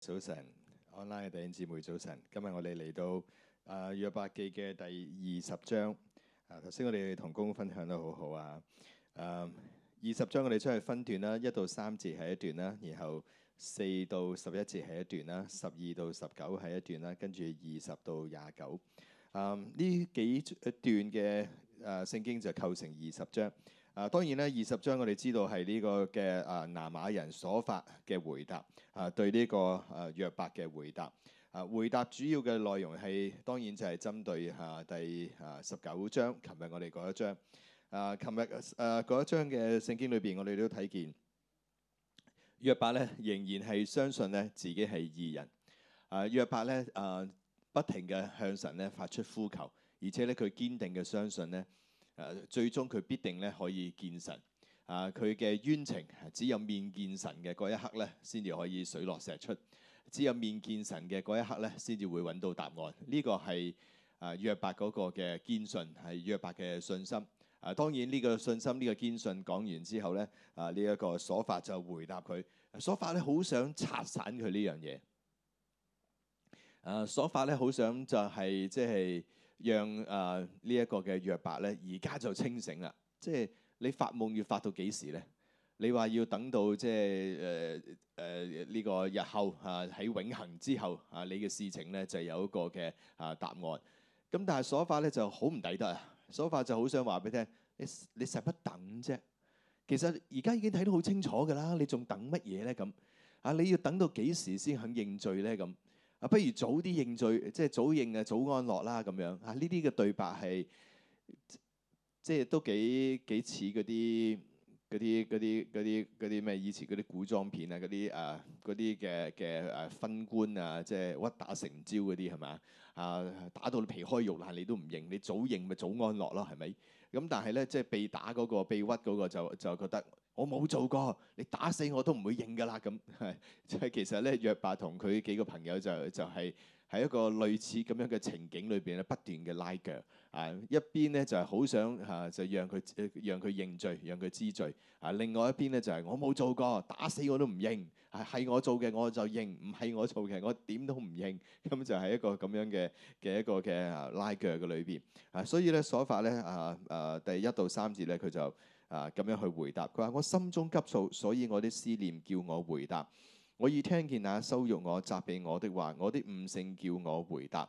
早晨，Online 嘅弟兄姊妹，早晨。今日我哋嚟到啊約伯記嘅第二十章。啊，頭先我哋同公公分享得好好啊。二、啊、十章我哋出去分段啦，一到三節係一段啦，然後四到十一節係一段啦，十二到十九係一段啦，跟住二十到廿九。呢、啊、幾段嘅誒、啊、聖經就構成二十章。啊，當然咧，二十章我哋知道係呢個嘅啊，拿瑪人所發嘅回答啊，對呢個啊約伯嘅回答啊，回答主要嘅內容係當然就係針對下第啊十九章，琴日我哋嗰一章啊，琴日啊嗰一章嘅聖經裏邊，我哋都睇見約伯咧仍然係相信咧自己係義人啊，約伯咧啊不停嘅向神咧發出呼求，而且咧佢堅定嘅相信咧。最終佢必定咧可以見神，啊佢嘅冤情只有面見神嘅嗰一刻咧，先至可以水落石出；只有面見神嘅嗰一刻咧，先至會揾到答案。呢個係誒約伯嗰個嘅堅信，係約伯嘅信心。啊，當然呢個信心呢個堅信講完之後咧，啊呢一個瑣法就回答佢。瑣法咧好想拆散佢呢樣嘢。誒瑣法咧好想就係、即係。讓誒呢一個嘅約伯咧，而家就清醒啦。即係你發夢要發到幾時咧？你話要等到即係誒誒呢個日後啊，喺永恆之後啊，你嘅事情咧就有一個嘅啊答案。咁但係所法咧就好唔抵得啊！所法就好想話俾你聽，你你實不等啫。其實而家已經睇得好清楚㗎啦，你仲等乜嘢咧？咁啊，你要等到幾時先肯認罪咧？咁。啊，不如早啲認罪，即係早認啊，早安樂啦咁樣。啊，呢啲嘅對白係，即係都幾幾似嗰啲啲啲啲啲咩？以前嗰啲古裝片啊，嗰啲誒啲嘅嘅誒昏官啊，即係屈打成招嗰啲係咪啊？啊，打到你皮開肉爛你都唔認，你早認咪早安樂咯，係咪？咁但係咧，即係被打嗰個被屈嗰個就就覺得。我冇做過，你打死我都唔會認㗎喇咁。係，就係其實咧，約伯同佢幾個朋友就係、就係、是、喺一個類似咁樣嘅情景裏邊咧，不斷嘅拉鋸啊。一邊咧就係好想嚇，就讓佢讓佢認罪，讓佢知罪啊。另外一邊咧就係我冇做過，打死我都唔認。係我做嘅我就認，唔係我做嘅我點都唔認。咁就係一個咁樣嘅嘅一個嘅拉鋸嘅裏邊啊。所以咧所發咧啊啊，第一到三節咧佢就。啊，咁樣去回答，佢話我心中急躁，所以我的思念叫我回答。我已聽見那羞辱我、責備我的話，我的悟性叫我回答。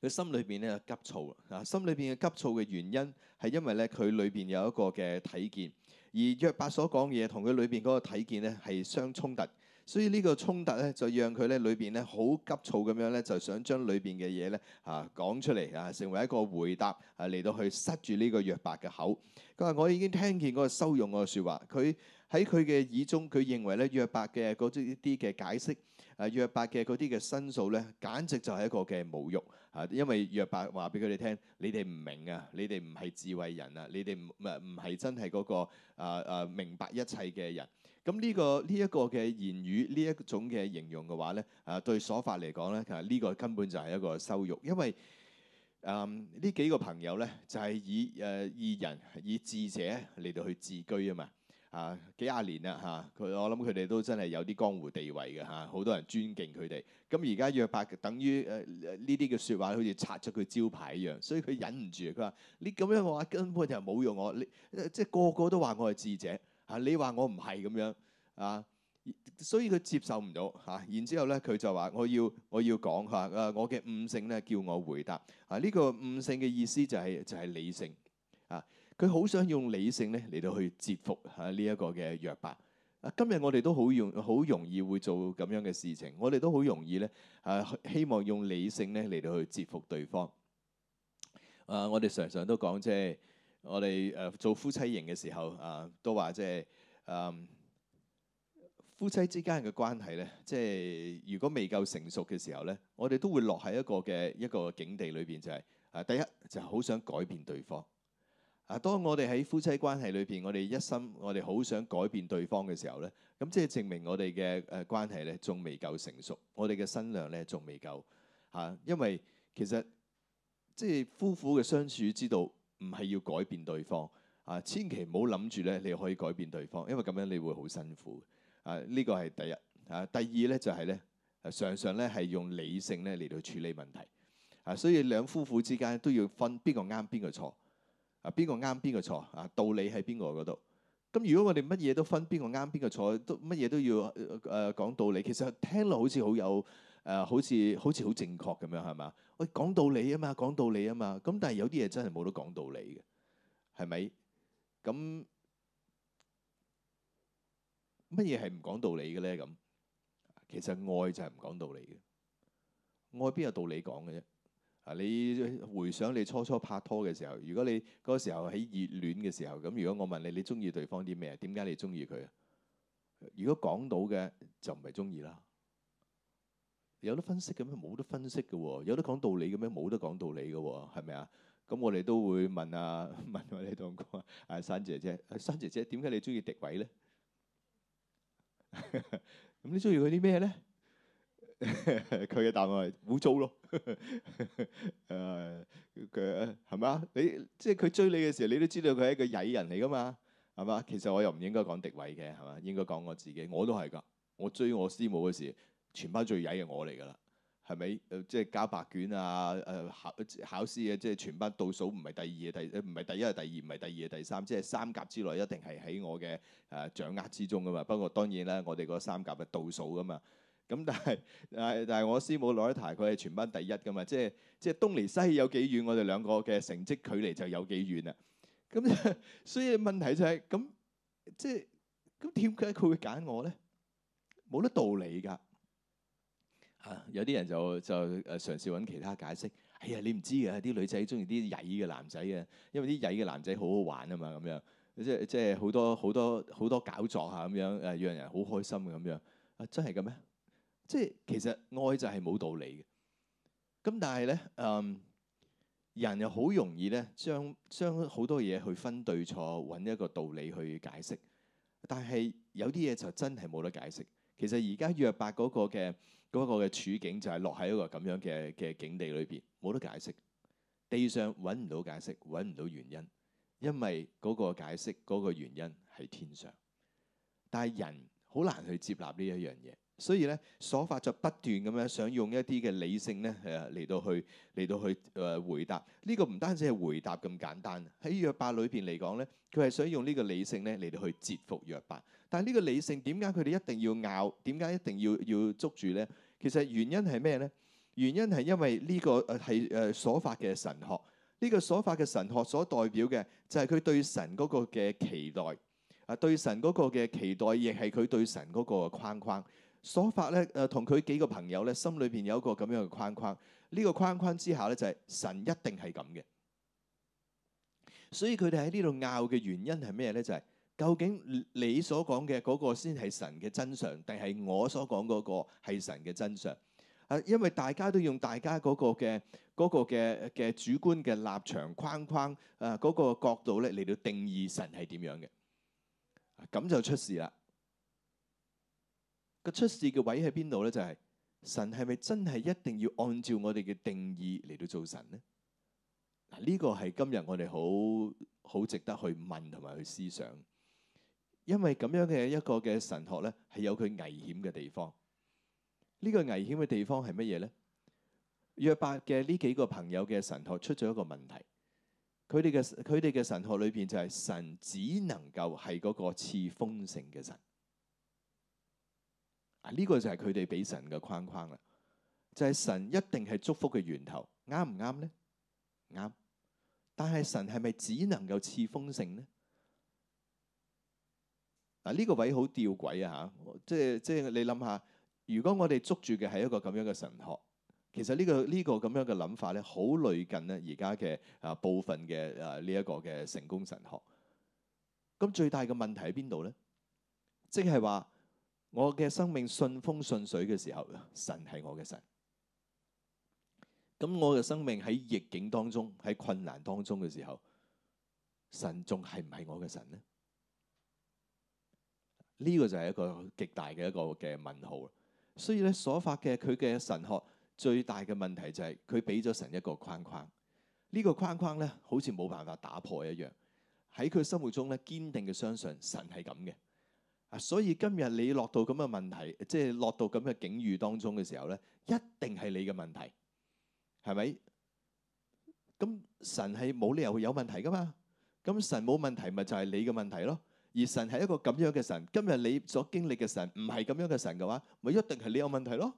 佢心裏邊咧急躁，啊，心裏邊嘅急躁嘅原因係因為咧佢裏邊有一個嘅睇見，而約伯所講嘢同佢裏邊嗰個睇見咧係相衝突。所以呢個衝突咧，就讓佢咧裏邊咧好急躁咁樣咧，就想將裏邊嘅嘢咧嚇講出嚟啊，成為一個回答啊，嚟到去塞住呢個約伯嘅口。佢話：我已經聽見個羞辱我嘅説話。佢喺佢嘅耳中，佢認為咧約伯嘅嗰啲一啲嘅解釋啊，約伯嘅嗰啲嘅申訴咧，簡直就係一個嘅侮辱啊！因為約伯話俾佢哋聽：你哋唔明啊，你哋唔係智慧人啊，你哋唔唔唔係真係嗰個啊明白一切嘅人。咁呢個呢一個嘅言語，呢一種嘅形容嘅話咧，啊對所法嚟講咧，係、啊、呢、呢個根本就係一個羞辱，因為誒呢、嗯、幾個朋友咧，就係、是、以誒義、啊、人、以智者嚟到去自居啊嘛，啊幾廿年啦嚇，佢、啊、我諗佢哋都真係有啲江湖地位嘅嚇，好、啊、多人尊敬佢哋。咁而家約伯等於誒呢啲嘅説話，好似拆出佢招牌一樣，所以佢忍唔住，佢話：你咁樣話根本就冇用我，你、啊、即係個個都話我係智者。啊！你話我唔係咁樣啊，所以佢接受唔到嚇。然之後咧，佢就話我要我要講下啊我嘅悟性咧，叫我回答啊。呢、這個悟性嘅意思就係、是、就係、是、理性啊。佢好想用理性咧嚟到去折服嚇呢一個嘅弱白。啊。今日我哋都好容好容易會做咁樣嘅事情，我哋都好容易咧啊，希望用理性咧嚟到去折服對方。啊，我哋常常都講即係。我哋誒做夫妻型嘅時候啊，都話即係誒夫妻之間嘅關係咧，即係如果未夠成熟嘅時候咧，我哋都會落喺一個嘅一個境地裏邊，就係啊第一就係好想改變對方。啊，當我哋喺夫妻關係裏邊，我哋一心我哋好想改變對方嘅時候咧，咁即係證明我哋嘅誒關係咧仲未夠成熟，我哋嘅身量咧仲未夠嚇，啊，因為其實即係夫婦嘅相處之道。唔係要改變對方啊，千祈唔好諗住咧，你可以改變對方，因為咁樣你會好辛苦啊。呢個係第一啊，第二咧就係咧，常常咧係用理性咧嚟到處理問題啊。所以兩夫婦之間都要分邊個啱邊個錯啊，邊個啱邊個錯啊，道理喺邊個嗰度？咁如果我哋乜嘢都分邊個啱邊個錯，都乜嘢都要誒講道理，其實聽落好似好有。誒好似好似好正確咁樣係嘛？喂，講道理啊嘛，講道理啊嘛。咁但係有啲嘢真係冇得講道理嘅，係咪？咁乜嘢係唔講道理嘅咧？咁其實愛就係唔講道理嘅，愛邊有道理講嘅啫？啊，你回想你初初拍拖嘅時候，如果你嗰時候喺熱戀嘅時候，咁如果我問你，你中意對方啲咩？點解你中意佢？如果講到嘅就唔係中意啦。有得分析嘅咩？冇得分析嘅喎、哦。有得講道理嘅咩？冇得講道理嘅喎、哦。係咪啊？咁我哋都會問啊，問我哋堂哥阿珊、啊、姐姐，珊、啊、姐姐點解你中意迪偉咧？咁 你中意佢啲咩咧？佢 嘅答案係污糟咯。誒，佢係咪啊？你即係佢追你嘅時候，你都知道佢係一個偽人嚟噶嘛？係嘛？其實我又唔應該講迪偉嘅，係嘛？應該講我自己，我都係㗎。我追我師母嘅時。全班最曳嘅我嚟噶啦，係咪？即係交白卷啊！誒考考試嘅，即係全班倒數唔係第二嘅，第唔係第一係第二，唔係第二係第三，即係三甲之內一定係喺我嘅誒掌握之中噶嘛。不過當然啦，我哋嗰三甲嘅倒數噶嘛。咁但係但係我師母攞一睇，佢係全班第一噶嘛。即係即係東離西有幾遠，我哋兩個嘅成績距離就有幾遠啊！咁所以問題就係咁，即係咁點解佢會揀我咧？冇得道理㗎。有啲人就就誒嘗試揾其他解釋。哎呀，你唔知嘅啲女仔中意啲曳嘅男仔嘅，因為啲曳嘅男仔好好玩啊嘛，咁樣即即好多好多好多搞作下，咁樣誒，讓人好開心咁樣啊，真係咁咩？即其實愛就係冇道理嘅。咁但係咧，嗯，人又好容易咧，將將好多嘢去分對錯，揾一個道理去解釋。但係有啲嘢就真係冇得解釋。其實而家約伯嗰個嘅。嗰個嘅處境就係落喺一個咁樣嘅嘅境地裏邊，冇得解釋，地上揾唔到解釋，揾唔到原因，因為嗰個解釋嗰個原因喺天上，但係人好難去接納呢一樣嘢，所以咧，所法就不斷咁樣想用一啲嘅理性咧誒嚟到去嚟到去誒回答呢個，唔單止係回答咁簡單，喺約伯裏邊嚟講咧，佢係想用呢個理性咧嚟到去折服約伯，但係呢個理性點解佢哋一定要拗？點解一定要要捉住咧？其實原因係咩咧？原因係因為呢個係誒所發嘅神學，呢個所發嘅神學所代表嘅就係佢對神嗰個嘅期待，啊對神嗰個嘅期待，亦係佢對神嗰個框框。所發咧誒，同佢幾個朋友咧，心裏邊有一個咁樣嘅框框。呢個框框之下咧，就係神一定係咁嘅。所以佢哋喺呢度拗嘅原因係咩咧？就係。究竟你所講嘅嗰個先係神嘅真相，定係我所講嗰個係神嘅真相？啊，因為大家都用大家嗰個嘅、嗰個嘅嘅、嗰個、主觀嘅立場框框啊，嗰、嗰個角度咧嚟到定義神係點樣嘅，咁、啊、就出事啦。個出事嘅位喺邊度咧？就係、係、神係咪真係一定要按照我哋嘅定義嚟到做神咧？嗱、啊，呢、呢個係今日我哋好好值得去問同埋去思想。因為咁樣嘅一個嘅神學咧，係有佢危險嘅地方。呢、這個危險嘅地方係乜嘢咧？約伯嘅呢幾個朋友嘅神學出咗一個問題，佢哋嘅佢哋嘅神學裏邊就係神只能夠係嗰個賜豐盛嘅神。啊，呢個就係佢哋俾神嘅框框啦。就係、是、神一定係祝福嘅源頭，啱唔啱呢？啱。但係神係咪只能夠賜豐盛呢？嗱呢、啊，這個位好吊詭啊嚇！即係即係你諗下，如果我哋捉住嘅係一個咁樣嘅神學，其實呢、這個呢、這個咁樣嘅諗法咧，好類近咧而家嘅啊部分嘅啊呢一、這個嘅成功神學。咁、啊、最大嘅問題喺邊度咧？即係話我嘅生命順風順水嘅時候，神係我嘅神。咁我嘅生命喺逆境當中、喺困難當中嘅時候，神仲係唔係我嘅神咧？呢個就係一個極大嘅一個嘅問號，所以咧所發嘅佢嘅神學最大嘅問題就係佢俾咗神一個框框，呢個框框咧好似冇辦法打破一樣，喺佢心目中咧堅定嘅相信神係咁嘅，啊，所以今日你落到咁嘅問題，即係落到咁嘅境遇當中嘅時候咧，一定係你嘅問題，係咪？咁神係冇理由會有問題噶嘛？咁神冇問題，咪就係你嘅問題咯。而神係一個咁樣嘅神，今日你所經歷嘅神唔係咁樣嘅神嘅話，咪一定係你有問題咯，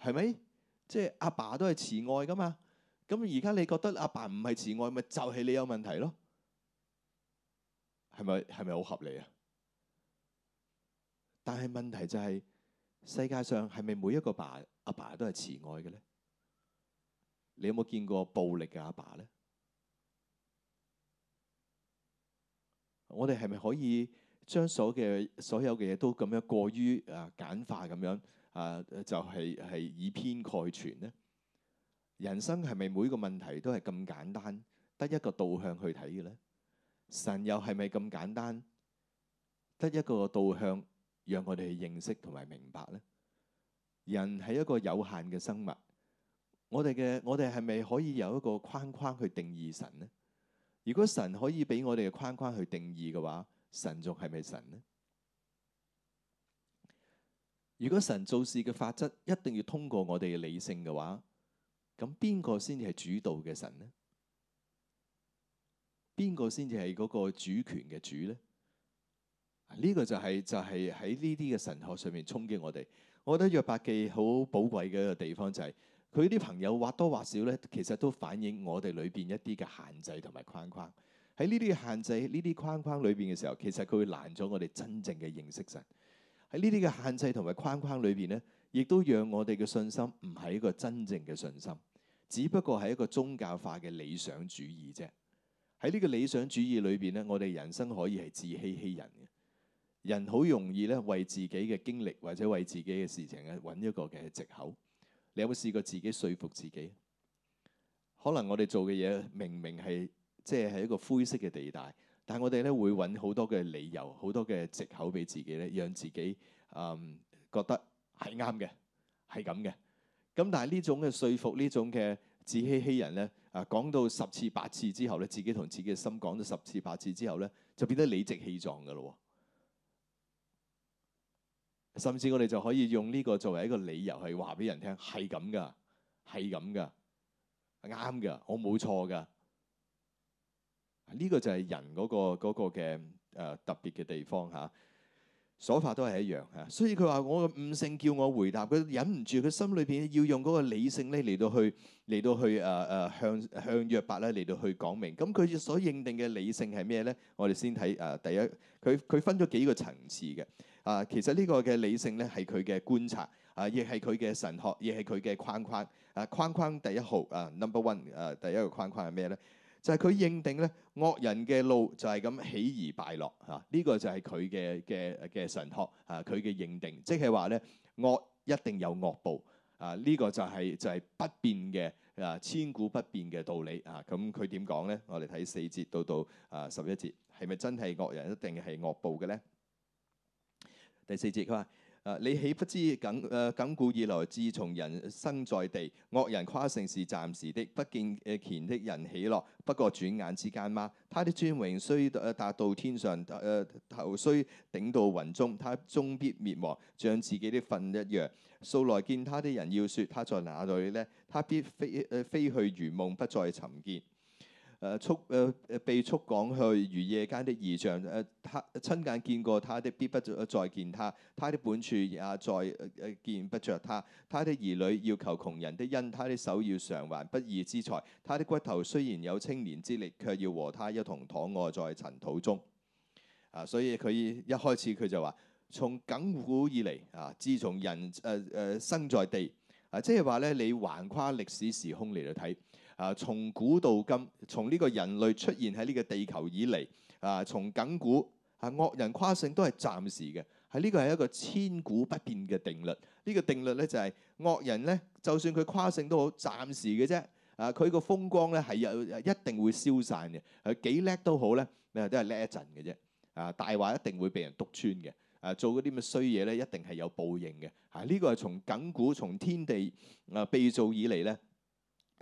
係咪？即係阿爸都係慈愛噶嘛，咁而家你覺得阿爸唔係慈愛，咪就係你有問題咯，係咪？係咪好合理啊？但係問題就係世界上係咪每一個爸阿爸都係慈愛嘅咧？你有冇見過暴力嘅阿爸咧？我哋係咪可以將所嘅所有嘅嘢都咁樣過於啊簡化咁樣啊？就係係以偏概全咧？人生係咪每個問題都係咁簡單，得一個導向去睇嘅咧？神又係咪咁簡單，得一個導向讓我哋去認識同埋明白呢？人係一個有限嘅生物，我哋嘅我哋係咪可以有一個框框去定義神呢？如果神可以俾我哋嘅框框去定義嘅話，神仲係咪神呢？如果神做事嘅法則一定要通過我哋嘅理性嘅話，咁邊個先至係主導嘅神呢？邊個先至係嗰個主權嘅主咧？呢、這個就係、是、就係喺呢啲嘅神學上面衝擊我哋。我覺得約伯記好寶貴嘅一個地方就係、是。佢啲朋友或多或少咧，其實都反映我哋裏邊一啲嘅限制同埋框框。喺呢啲限制、呢啲框框裏邊嘅時候，其實佢會攔咗我哋真正嘅認識神。喺呢啲嘅限制同埋框框裏邊咧，亦都讓我哋嘅信心唔係一個真正嘅信心，只不過係一個宗教化嘅理想主義啫。喺呢個理想主義裏邊咧，我哋人生可以係自欺欺人嘅。人好容易咧，為自己嘅經歷或者為自己嘅事情咧揾一個嘅藉口。你有冇試過自己説服自己？可能我哋做嘅嘢明明係即係一個灰色嘅地帶，但係我哋咧會揾好多嘅理由、好多嘅藉口俾自己咧，讓自己嗯覺得係啱嘅，係咁嘅。咁但係呢種嘅説服，呢種嘅自欺欺人咧，啊講到十次八次之後咧，自己同自己嘅心講咗十次八次之後咧，就變得理直氣壯㗎咯。甚至我哋就可以用呢個作為一個理由去，去話俾人聽，係咁噶，係咁噶，啱噶，我冇錯噶。呢、這個就係人嗰、那個嘅誒、那個、特別嘅地方嚇，所法都係一樣嚇。所以佢話我嘅悟性叫我回答，佢忍唔住，佢心裏邊要用嗰個理性咧嚟到去嚟到去誒誒向向約伯咧嚟到去講明。咁佢所認定嘅理性係咩咧？我哋先睇誒、啊、第一，佢佢分咗幾個層次嘅。啊，其實呢個嘅理性咧，係佢嘅觀察啊，亦係佢嘅神學，亦係佢嘅框框。啊，框框第一號啊，number one 啊，no. 1, 第一個框框係咩咧？就係、是、佢認定咧，惡人嘅路就係咁起而敗落嚇。呢、啊這個就係佢嘅嘅嘅神學啊，佢嘅認定，即係話咧，惡一定有惡報啊。呢、這個就係、是、就係、是、不變嘅啊，千古不變嘅道理啊。咁佢點講咧？我哋睇四節到到啊十一節，係咪真係惡人一定係惡報嘅咧？第四節佢話：誒、啊，你豈不知咁誒？亙、呃、古以來，自從人生在地，惡人誇勝是暫時的，不見誒，前的人喜樂，不過轉眼之間嗎？他的尊榮雖誒達到天上，誒、呃、頭雖頂到雲中，他終必滅亡，像自己的糞一樣。素來見他的人要說：他在哪裏呢？他必飛誒、呃、飛去如夢，不再尋見。誒速誒誒被速趕去如夜間的異象誒，他、啊、親眼見過他的，必不再再見他；他的本處也再見不着他；他的兒女要求窮人的恩，他的手要償還不義之財。他的骨頭雖然有青年之力，卻要和他一同躺卧在塵土中。啊！所以佢一開始佢就話：從亙古以嚟啊，自從人誒誒、呃呃、生在地啊，即係話咧，你橫跨歷史時空嚟到睇。啊，從古到今，從呢個人類出現喺呢個地球以嚟，啊，從亙古，啊，惡人跨性都係暫時嘅，係呢個係一個千古不變嘅定律。呢、呢個定律咧就係、係、惡人咧，就算佢跨性都好，暫時嘅啫。啊，佢個風光咧係有一定會消散嘅。佢幾叻都好咧，都係叻一陣嘅啫。啊，大話一定會被人篤穿嘅。啊，做嗰啲咁嘅衰嘢咧，一定係有報應嘅。啊，呢個係從亙古從天地啊被造以嚟咧。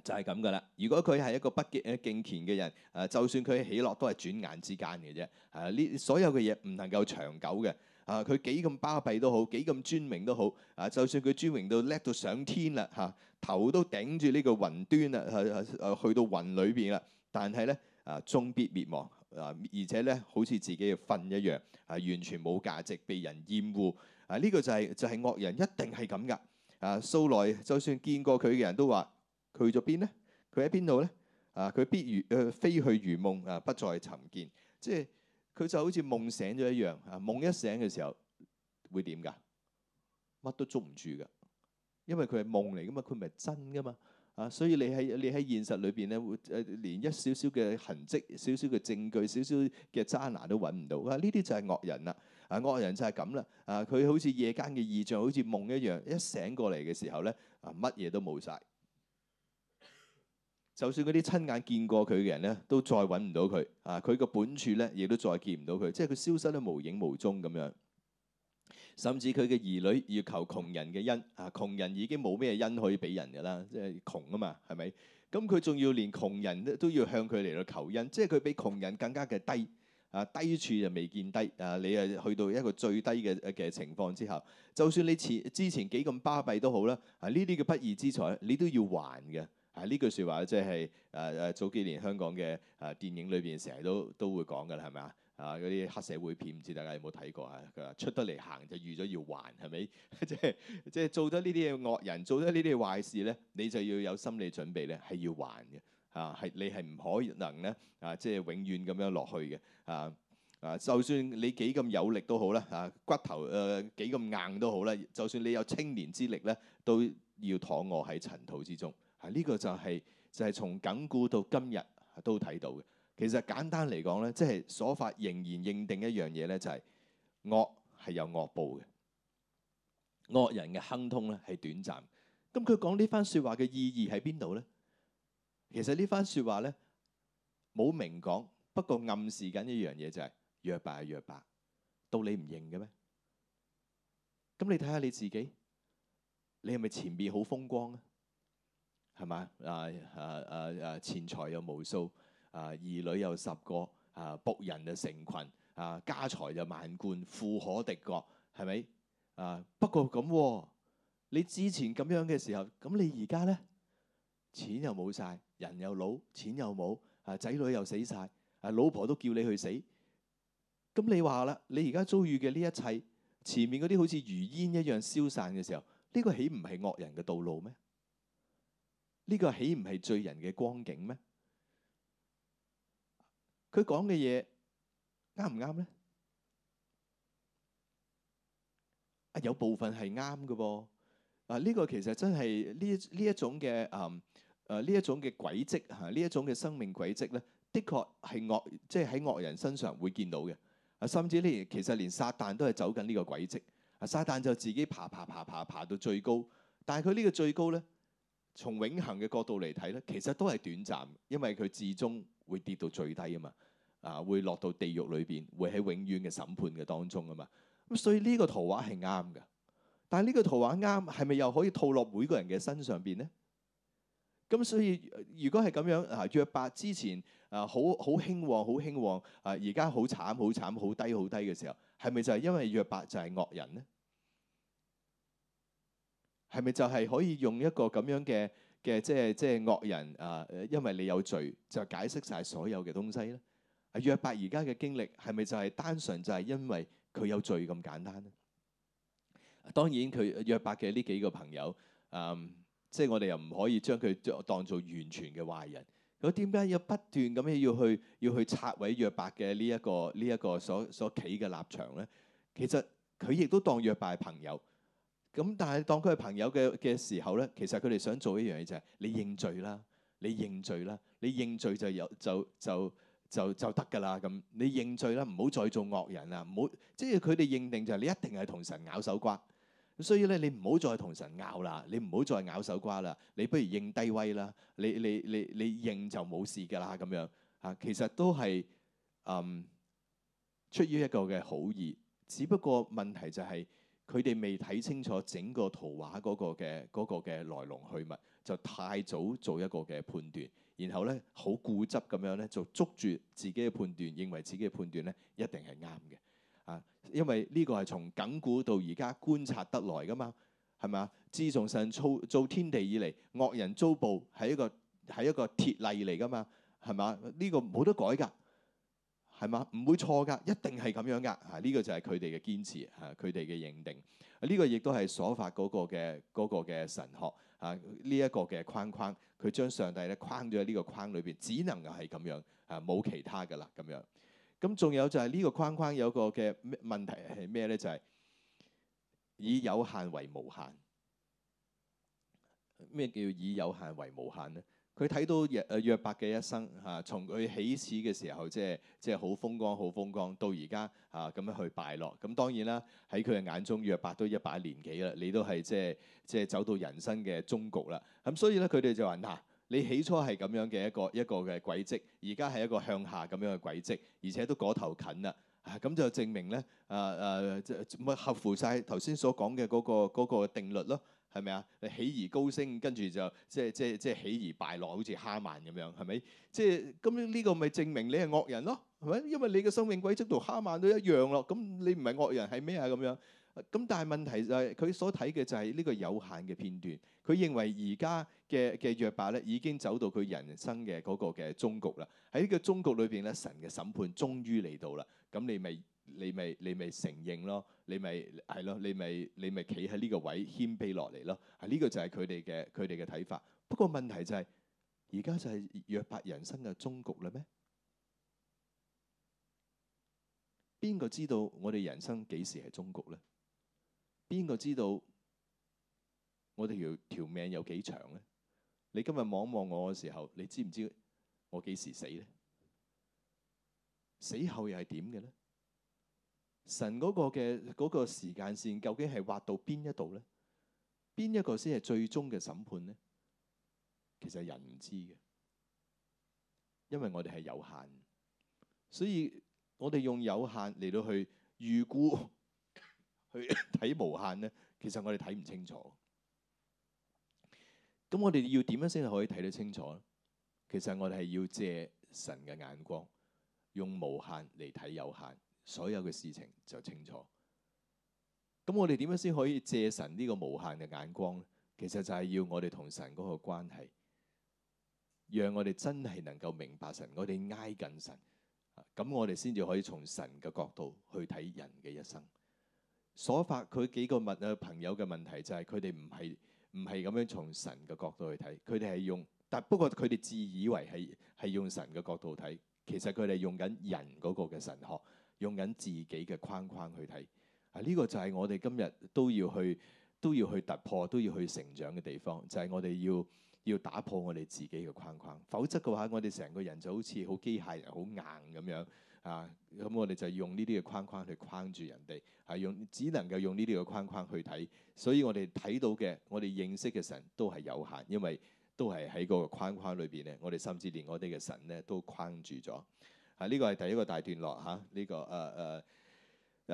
就係咁噶啦！如果佢係一個不敬敬虔嘅人，誒，就算佢喺喜樂都係轉眼之間嘅啫。誒，呢所有嘅嘢唔能夠長久嘅。啊，佢幾咁巴閉都好，幾咁尊榮都好。啊，就算佢尊榮到叻到上天啦，嚇頭都頂住呢個雲端啦，去到雲裏邊啦。但係咧，啊，終必滅亡。而且咧，好似自己嘅糞一樣，係完全冇價值，被人厭惡。啊，呢個就係、是、就係、是、惡人一定係咁噶。啊，素來就算見過佢嘅人都話。佢去咗邊咧？佢喺邊度咧？啊！佢必如誒飛去如夢啊，不再尋見。即係佢就好似夢醒咗一樣啊。夢一醒嘅時候會點㗎？乜都捉唔住㗎，因為佢係夢嚟噶嘛，佢唔係真噶嘛啊。所以你喺你喺現實裏邊咧，誒連一少少嘅痕跡、少少嘅證據、少少嘅渣拿都揾唔到啊。呢啲就係惡人啦啊！惡人就係咁啦啊！佢好似夜間嘅異象，好似夢一樣，一醒過嚟嘅時候咧啊，乜嘢都冇晒。就算嗰啲親眼見過佢嘅人咧，都再揾唔到佢啊！佢個本處咧，亦都再見唔到佢，即係佢消失得無影無蹤咁樣。甚至佢嘅兒女要求窮人嘅恩啊，窮人已經冇咩恩可以俾人噶啦，即係窮啊嘛，係咪？咁佢仲要連窮人都要向佢嚟到求恩，即係佢比窮人更加嘅低啊！低處就未見低啊！你啊去到一個最低嘅嘅情況之後，就算你前之前幾咁巴閉都好啦啊！呢啲嘅不義之財，你都要還嘅。啊！呢句説話即係誒誒，早幾年香港嘅誒電影裏邊成日都都會講㗎啦，係咪啊？啊！嗰啲、啊、黑社會片唔知大家有冇睇過啊？佢話出得嚟行就預咗要還，係咪？即係即係做得呢啲嘢惡人，做得呢啲嘢壞事咧，你就要有心理準備咧，係要還嘅啊！係你係唔可能咧啊！即係永遠咁樣落去嘅啊啊！就算你幾咁有力都好啦啊，骨頭誒幾咁硬都好啦，就算你有青年之力咧，都要躺卧喺塵土之中。啊！呢個就係就係從緊古到今日都睇到嘅。其實簡單嚟講咧，即係瑣法仍然認定一樣嘢咧，就係惡係有惡報嘅，惡人嘅亨通咧係短暫。咁佢講呢番説話嘅意義喺邊度咧？其實呢番説話咧冇明講，不過暗示緊一樣嘢就係：約伯係約伯，道理唔認嘅咩？咁你睇下你自己，你係咪前面好風光啊？係咪？啊啊啊啊！錢財又無數，啊兒女又十個，啊僕人就成群，啊家財就萬貫，富可敵國，係咪？啊不過咁、啊，你之前咁樣嘅時候，咁你而家咧，錢又冇晒，人又老，錢又冇，啊仔女又死晒，啊老婆都叫你去死，咁你話啦，你而家遭遇嘅呢一切，前面嗰啲好似如煙一樣消散嘅時候，呢、呢個豈唔係惡人嘅道路咩？呢個豈唔係罪人嘅光景咩？佢講嘅嘢啱唔啱咧？啊，有部分係啱嘅噃。啊，呢個其實真係呢呢一種嘅誒誒呢一種嘅軌跡嚇，呢一種嘅生命軌跡咧，的確係惡，即係喺惡人身上會見到嘅。啊，甚至呢，其實連撒旦都係走緊呢個軌跡。啊，撒旦就自己爬爬爬爬爬到最高，但係佢呢個最高咧。從永恆嘅角度嚟睇咧，其實都係短暫，因為佢至終會跌到最低啊嘛，啊會落到地獄裏邊，會喺永遠嘅審判嘅當中啊嘛。咁所以呢個圖畫係啱㗎，但係呢個圖畫啱係咪又可以套落每個人嘅身上邊咧？咁所以如果係咁樣若啊，約伯之前啊好好興旺，好興旺啊，而家好慘，好慘，好低，好低嘅時候，係咪就係因為約伯就係惡人咧？係咪就係可以用一個咁樣嘅嘅即係即係惡人啊、呃？因為你有罪，就解釋晒所有嘅東西咧。約伯而家嘅經歷係咪就係單純就係因為佢有罪咁簡單咧？當然佢約伯嘅呢幾個朋友，嗯、呃，即係我哋又唔可以將佢做當做完全嘅壞人。佢點解要不斷咁樣要去要去拆毀約伯嘅呢一個呢一個所所企嘅立場咧？其實佢亦都當約伯係朋友。咁但係當佢係朋友嘅嘅時候咧，其實佢哋想做一樣嘢就係你認罪啦，你認罪啦，你認罪就有就就就就得㗎啦咁。你認罪啦，唔好再做惡人啦，唔好即係佢哋認定就係你一定係同神咬手瓜，所以咧你唔好再同神拗啦，你唔好再咬手瓜啦，你不如認低威啦，你你你你認就冇事㗎啦咁樣啊。其實都係誒、嗯、出於一個嘅好意，只不過問題就係、是。佢哋未睇清楚整個圖畫嗰個嘅嗰個嘅來龍去脈，就太早做一個嘅判斷，然後咧好固執咁樣咧就捉住自己嘅判斷，認為自己嘅判斷咧一定係啱嘅啊！因為呢個係從亙古到而家觀察得來㗎嘛，係咪啊？自從神造造天地以嚟，惡人遭報係一個係一個鐵例嚟㗎嘛，係咪啊？呢個冇得改㗎。係嘛？唔會錯噶，一定係咁樣噶。啊，呢個就係佢哋嘅堅持，啊，佢哋嘅認定。呢、啊這個亦都係瑣法嗰個嘅、那個嘅神學啊，呢、這、一個嘅框框，佢將上帝咧框咗喺呢個框裏邊，只能係咁樣，啊，冇其他噶啦咁樣。咁、啊、仲有就係呢個框框有一個嘅問題係咩咧？就係、是、以有限為無限。咩叫以有限為無限咧？佢睇到約約伯嘅一生嚇、啊，從佢起始嘅時候，即係即係好風光，好風光，到而家嚇咁樣去敗落。咁、啊、當然啦，喺佢嘅眼中，約伯都一把年紀啦，你都係即係即係走到人生嘅終局啦。咁、啊、所以咧，佢哋就話：嗱、啊，你起初係咁樣嘅一個一個嘅軌跡，而家係一個向下咁樣嘅軌跡，而且都嗰頭近啦。咁、啊、就證明咧，啊啊，咪合乎晒頭先所講嘅嗰個嗰個定律咯。係咪啊？起而高升，跟住就即係即係即係起而敗落，好似哈曼咁樣，係咪？即係咁呢個咪證明你係惡人咯？係咪？因為你嘅生命軌跡同哈曼都一樣咯。咁你唔係惡人係咩啊？咁樣。咁但係問題就係、是、佢所睇嘅就係呢個有限嘅片段。佢認為而家嘅嘅約伯咧已經走到佢人生嘅嗰個嘅終局啦。喺呢個終局裏邊咧，神嘅審判終於嚟到啦。咁你咪？你咪你咪承認咯，你咪係咯，你咪你咪企喺呢個位謙卑落嚟咯。係呢個就係佢哋嘅佢哋嘅睇法。不過問題就係，而家就係約伯人生嘅終局嘞咩？邊個知道我哋人生幾時係終局咧？邊個知道我哋條條命有幾長咧？你今日望望我嘅時候，你知唔知我幾時死咧？死後又係點嘅咧？神嗰個嘅嗰個時間線究竟係劃到邊一度呢？邊一個先係最終嘅審判呢？其實人唔知嘅，因為我哋係有限，所以我哋用有限嚟到去預估，去睇無限呢。其實我哋睇唔清楚。咁我哋要點樣先可以睇得清楚咧？其實我哋係要借神嘅眼光，用無限嚟睇有限。所有嘅事情就清楚。咁我哋點樣先可以借神呢個無限嘅眼光咧？其實就係要我哋同神嗰個關係，讓我哋真係能夠明白神。我哋挨近神，咁我哋先至可以從神嘅角度去睇人嘅一生。所發佢幾個問朋友嘅問題，就係佢哋唔係唔係咁樣從神嘅角度去睇，佢哋係用，但不過佢哋自以為係係用神嘅角度睇，其實佢哋用緊人嗰個嘅神學。.用緊自己嘅框框去睇，啊呢、這個就係我哋今日都要去都要去突破、都要去成長嘅地方，就係、是、我哋要要打破我哋自己嘅框框，否則嘅話，我哋成個人就好似好機械人、好硬咁樣啊。咁、嗯、我哋就用呢啲嘅框框去框住人哋，係、啊、用只能夠用呢啲嘅框框去睇，所以我哋睇到嘅、我哋認識嘅神都係有限，因為都係喺個框框裏邊咧，我哋甚至連我哋嘅神咧都框住咗。啊！呢個係第一個大段落嚇，呢、這個誒誒嗱，即、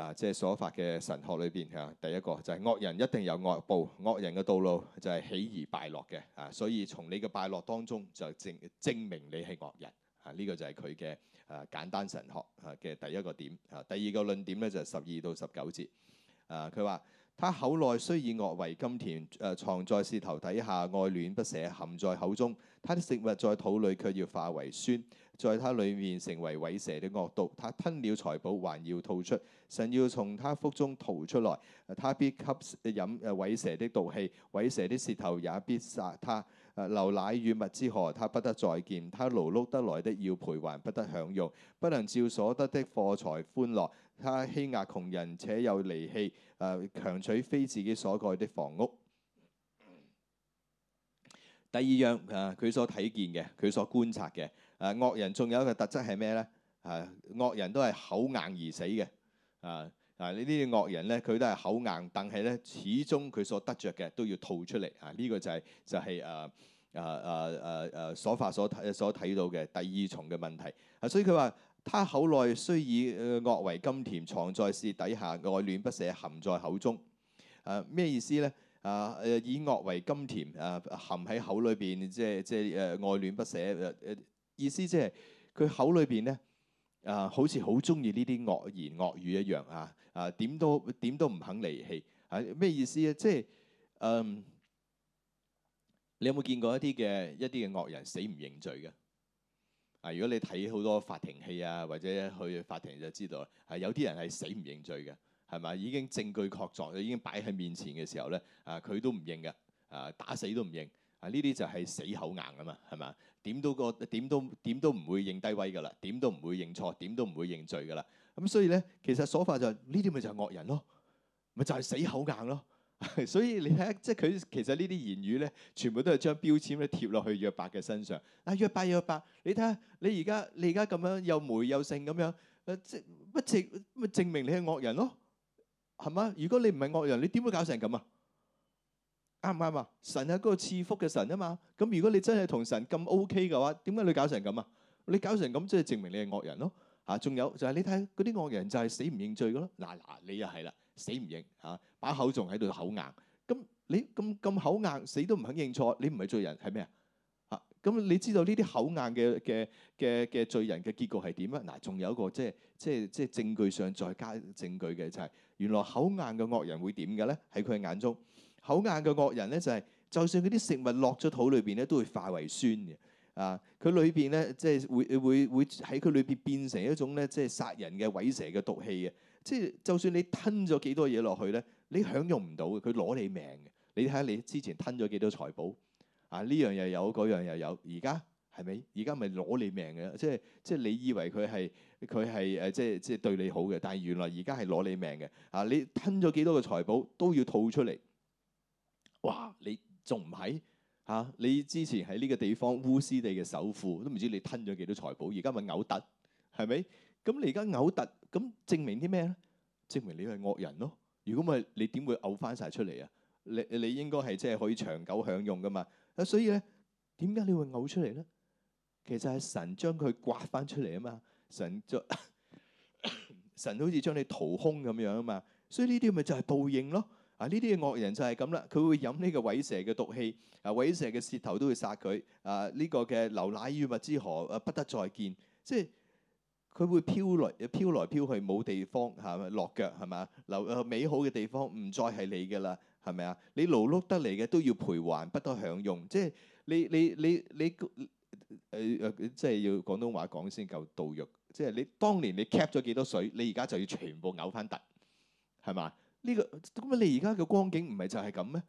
呃、係、呃、所發嘅神學裏邊嚇，第一個就係、是、惡人一定有惡報，惡人嘅道路就係起而敗落嘅啊，所以從你嘅敗落當中就證證明你係惡人啊！呢、這個就係佢嘅誒簡單神學嚇嘅第一個點啊。第二個論點咧就係十二到十九節啊，佢、呃、話。他口內雖以惡為甘甜、呃，藏在舌頭底下，愛戀不捨，含在口中。他的食物在肚裏，卻要化為酸，在他裏面成為虺蛇的惡毒。他吞了財寶，還要吐出。神要從他腹中吐出來、啊，他必吸飲虺蛇的毒氣，虺蛇的舌頭也必殺他。牛、啊、奶與蜜之河，他不得再見。他勞碌得來的要賠還，不得享用，不能照所得的貨財歡樂。他欺壓窮人，且又離棄，誒強取非自己所蓋的房屋。第二樣啊，佢所睇見嘅，佢所觀察嘅誒惡人，仲有一個特質係咩咧？誒、啊、惡人都係口硬而死嘅。啊啊！呢啲惡人咧，佢都係口硬，但係咧，始終佢所得着嘅都要吐出嚟。啊，呢個就係就係誒誒誒誒誒所發所睇所睇到嘅第二重嘅問題。啊，所以佢話。他口內雖以惡為甘甜，藏在舌底下，愛戀不捨，含在口中。啊、呃，咩意思咧？啊，誒，以惡為甘甜，啊，含喺口裏邊，即係即係誒，愛戀不捨。誒、呃，意思即係佢口裏邊咧，啊、呃，好似好中意呢啲惡言惡語一樣啊！啊，點都點都唔肯離棄。啊，咩意思啊？即係，嗯、呃，你有冇見過一啲嘅一啲嘅惡人死唔認罪嘅？啊！如果你睇好多法庭戲啊，或者去法庭就知道，係有啲人係死唔認罪嘅，係咪？已經證據確鑿，已經擺喺面前嘅時候咧，啊，佢都唔認嘅，啊，打死都唔認。啊，呢啲就係死口硬啊嘛，係咪？點都個點都點都唔會認低威噶啦，點都唔會認錯，點都唔會認罪噶啦。咁所以咧，其實所法就係呢啲咪就係惡人咯，咪就係、是、死口硬咯。所以你睇，即係佢其實呢啲言語咧，全部都係將標籤咧貼落去約伯嘅身上。嗱，約伯約伯，你睇下，你而家你而家咁樣又黴又盛咁樣，誒，即係乜證咪證明你係惡人咯？係嘛？如果你唔係惡人，你點會搞成咁啊？啱唔啱啊？神係嗰個賜福嘅神啊嘛。咁如果你真係同神咁 OK 嘅話，點解你搞成咁啊？你搞成咁即係證明你係惡人咯。嚇，仲有就係你睇嗰啲惡人就係死唔認罪嘅咯。嗱嗱，你又係啦。死唔認嚇，把口仲喺度口硬，咁你咁咁口硬，死都唔肯認錯，你唔係罪人係咩啊？嚇，咁你知道呢啲口硬嘅嘅嘅嘅罪人嘅結局係點啊？嗱，仲有一個即係即係即係證據上再加證據嘅就係，原來口硬嘅惡人會點嘅咧？喺佢眼中，口硬嘅惡人咧就係，就算佢啲食物落咗肚裏邊咧，都會化為酸嘅啊！佢裏邊咧即係會會會喺佢裏邊變成一種咧即係殺人嘅虺蛇嘅毒氣嘅。即係就算你吞咗幾多嘢落去咧，你享用唔到嘅，佢攞你命嘅。你睇下你之前吞咗幾多財寶啊？呢樣又有，嗰樣又有，而家係咪？而家咪攞你命嘅。即係即係你以為佢係佢係誒即係即係對你好嘅，但係原來而家係攞你命嘅。啊，你吞咗幾多個財寶都要吐出嚟。哇！你仲唔係吓？你之前喺呢個地方烏斯地嘅首富都唔知你吞咗幾多財寶，而家咪嘔突係咪？咁你而家嘔突。咁證明啲咩咧？證明你係惡人咯！如果唔係你點會嘔翻晒出嚟啊？你你應該係即係可以長久享用噶嘛？所以咧點解你會嘔出嚟咧？其實係神將佢刮翻出嚟啊嘛！神神好似將你掏空咁樣啊嘛！所以呢啲咪就係報 應咯！啊，呢啲嘅惡人就係咁啦，佢會飲呢個虺蛇嘅毒氣，啊虺蛇嘅舌頭都會殺佢啊！呢、這個嘅流奶與蜜之河啊，不得再見，即係。佢會漂來漂來漂去，冇地方係咪落腳，係嘛？留美好嘅地方唔再係你㗎啦，係咪啊？你勞碌得嚟嘅都要賠還，不得享用。即係你你你你誒誒、呃，即係要廣東話講先夠到肉。即係你當年你吸咗幾多水，你而家就要全部嘔翻突，係嘛？呢、這個咁你而家嘅光景唔係就係咁咩？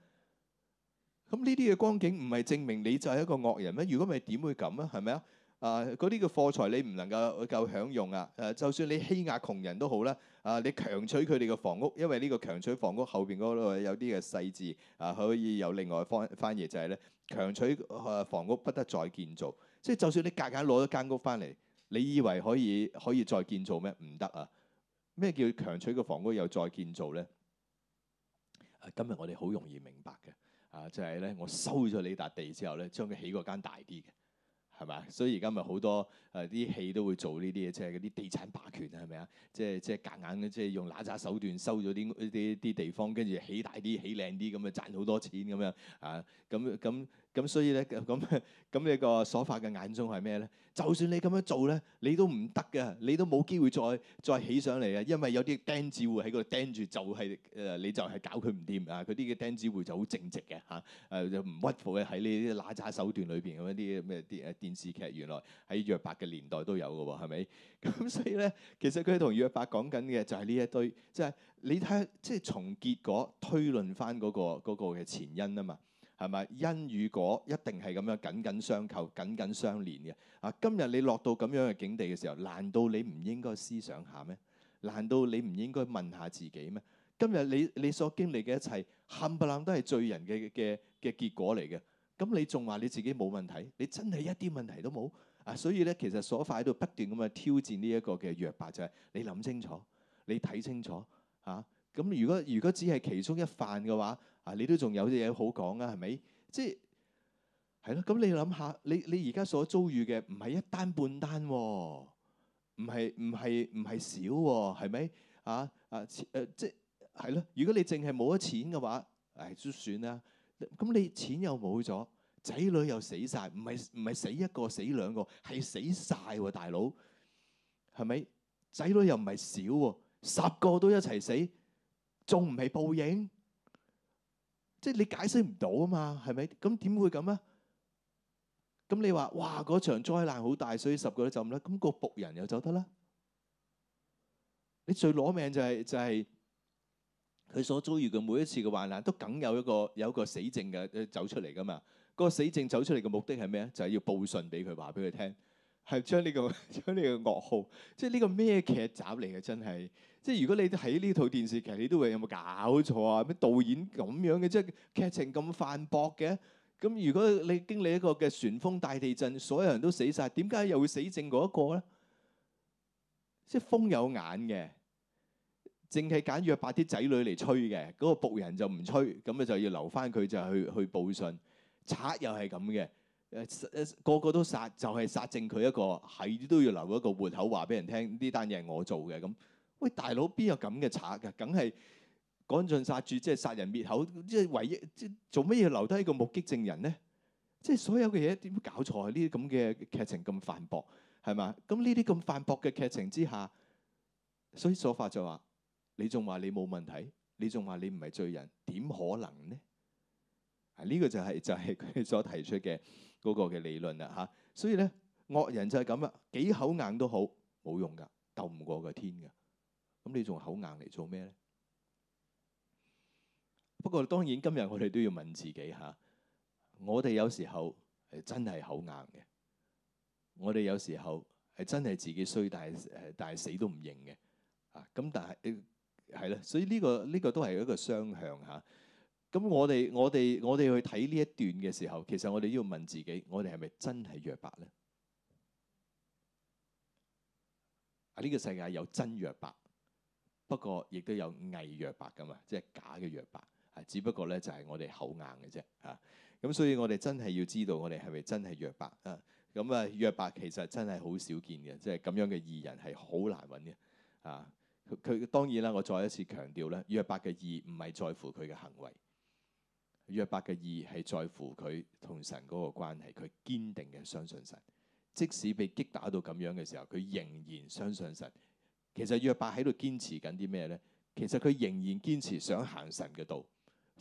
咁呢啲嘅光景唔係證明你就係一個惡人咩？如果唔係點會咁啊？係咪啊？啊！嗰啲嘅貨財你唔能夠夠享用啊！誒、啊，就算你欺壓窮人都好啦，啊！你強取佢哋嘅房屋，因為呢個強取房屋後邊嗰度有啲嘅細字，啊，可以有另外方翻嘢就係、是、咧，強取房屋不得再建造。即係就算你夾硬攞一間屋翻嚟，你以為可以可以再建造咩？唔得啊！咩叫強取個房屋又再建造咧、啊？今日我哋好容易明白嘅，啊，就係、是、咧，我收咗你笪地之後咧，將佢起嗰間大啲嘅。係嘛？所以而家咪好多誒啲戲都會做呢啲嘢，即係啲地產霸權啊，係咪啊？即係即係夾硬、硬，即係用嗱喳手段收咗啲啲啲地方，跟住起大啲、起靚啲咁啊，賺好多錢咁樣啊！咁咁。咁所以咧，咁咁你個所法嘅眼中係咩咧？就算你咁樣做咧，你都唔得㗎，你都冇機會再再起上嚟啊！因為有啲釘子戶喺嗰度釘住，就係、是、誒，你就係搞佢唔掂啊！佢啲嘅釘子戶就好正直嘅吓，誒就唔屈服嘅。喺呢啲拿詐手段裏邊咁一啲咩電電視劇，原來喺約伯嘅年代都有㗎喎，係咪？咁所以咧，其實佢同約伯講緊嘅就係呢一堆，即、就、係、是、你睇下，即係從結果推論翻嗰、嗰個、嗰個嘅前因啊嘛。係咪因與果一定係咁樣緊緊相扣、緊緊相連嘅？啊，今日你落到咁樣嘅境地嘅時候，難道你唔應該思想下咩？難道你唔應該問下自己咩？今日你你所經歷嘅一切，冚唪唥都係罪人嘅嘅嘅結果嚟嘅。咁你仲話你自己冇問題？你真係一啲問題都冇啊！所以咧，其實瑣法喺度不斷咁樣挑戰呢一個嘅約伯，就係、是、你諗清楚，你睇清楚嚇。咁、啊、如果如果只係其中一犯嘅話，啊！你都仲有啲嘢好講啊，係咪？即係咯，咁你諗下，你你而家所遭遇嘅唔係一單半單喎、啊，唔係唔係唔係少喎，係咪、啊？啊啊誒，即係咯、啊。如果你淨係冇咗錢嘅話，誒、哎、都算啦。咁你錢又冇咗，仔女又死晒，唔係唔係死一個死兩個，係死晒喎、啊，大佬。係咪？仔女又唔係少喎，十個都一齊死，仲唔係報應？即係你解釋唔到啊嘛，係咪？咁點會咁啊？咁你話哇，嗰場災難好大，所以十個都走唔甩，咁個僕人又走得啦？你最攞命就係就係佢所遭遇嘅每一次嘅患難，都梗有一個有一個死證嘅走出嚟噶嘛。嗰個死證走出嚟嘅目的係咩啊？就係要報信俾佢，話俾佢聽。係將呢個將呢個噩耗，即係呢個咩劇集嚟嘅？真係，即係如果你睇呢套電視劇，你都會有冇搞錯啊？咩導演咁樣嘅？即係劇情咁泛薄嘅。咁如果你經歷一個嘅旋風大地震，所有人都死曬，點解又會死剩嗰一個咧？即係風有眼嘅，淨係揀約伯啲仔女嚟吹嘅，嗰個僕人就唔吹，咁咧就要留翻佢就去去報信。賊又係咁嘅。誒誒，個個都殺，就係、是、殺正佢一個，係都要留一個活口話俾人聽。呢單嘢係我做嘅咁。喂，大佬邊有咁嘅賊嘅？梗係趕盡殺絕，即係殺人滅口。即係唯一，即係做乜嘢留低一個目擊證人呢？即係所有嘅嘢點搞錯啊？呢啲咁嘅劇情咁犯駁係嘛？咁呢啲咁犯駁嘅劇情之下，所以瑣法就話、是：你仲話你冇問題？你仲話你唔係罪人？點可能呢？這」呢個就係、是、就係、是、佢所提出嘅。嗰個嘅理論啦嚇、啊，所以咧，惡人就係咁啦，幾口硬都好冇用噶，鬥唔過個天噶。咁你仲口硬嚟做咩咧？不過當然今日我哋都要問自己嚇、啊，我哋有時候係真係口硬嘅，我哋有時候係真係自己衰，但係誒，但係死都唔認嘅啊。咁但係誒係啦，所以呢個呢個都係一個雙向嚇。啊咁我哋我哋我哋去睇呢一段嘅時候，其實我哋都要問自己，我哋係咪真係約伯咧？啊，呢個世界有真約伯，不過亦都有偽約伯噶嘛，即係假嘅約伯，啊、白，啊，只不過咧就係我哋口硬嘅啫，啊，咁所以我哋真係要知道我哋係咪真係約伯。啊，咁啊，約伯其實真係好少見嘅，即係咁樣嘅義人係好難揾嘅，啊，佢當然啦，我再一次強調咧，約伯嘅義唔係在乎佢嘅行為。約伯嘅意係在乎佢同神嗰個關係，佢堅定嘅相信神，即使被擊打到咁樣嘅時候，佢仍然相信神。其實約伯喺度堅持緊啲咩呢？其實佢仍然堅持想行神嘅道，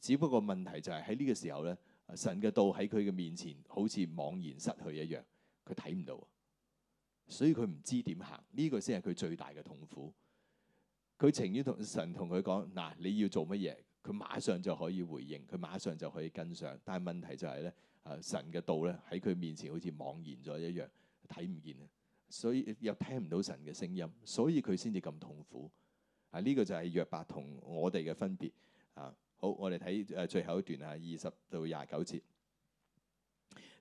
只不過問題就係喺呢個時候呢，神嘅道喺佢嘅面前好似茫然失去一樣，佢睇唔到，所以佢唔知點行。呢個先係佢最大嘅痛苦。佢情願同神同佢講：嗱，你要做乜嘢？佢馬上就可以回應，佢馬上就可以跟上，但係問題就係咧，誒神嘅道咧喺佢面前好似茫然咗一樣，睇唔見，所以又聽唔到神嘅聲音，所以佢先至咁痛苦。啊，呢個就係約伯同我哋嘅分別。啊，好，我哋睇誒最後一段啊，二十到廿九節，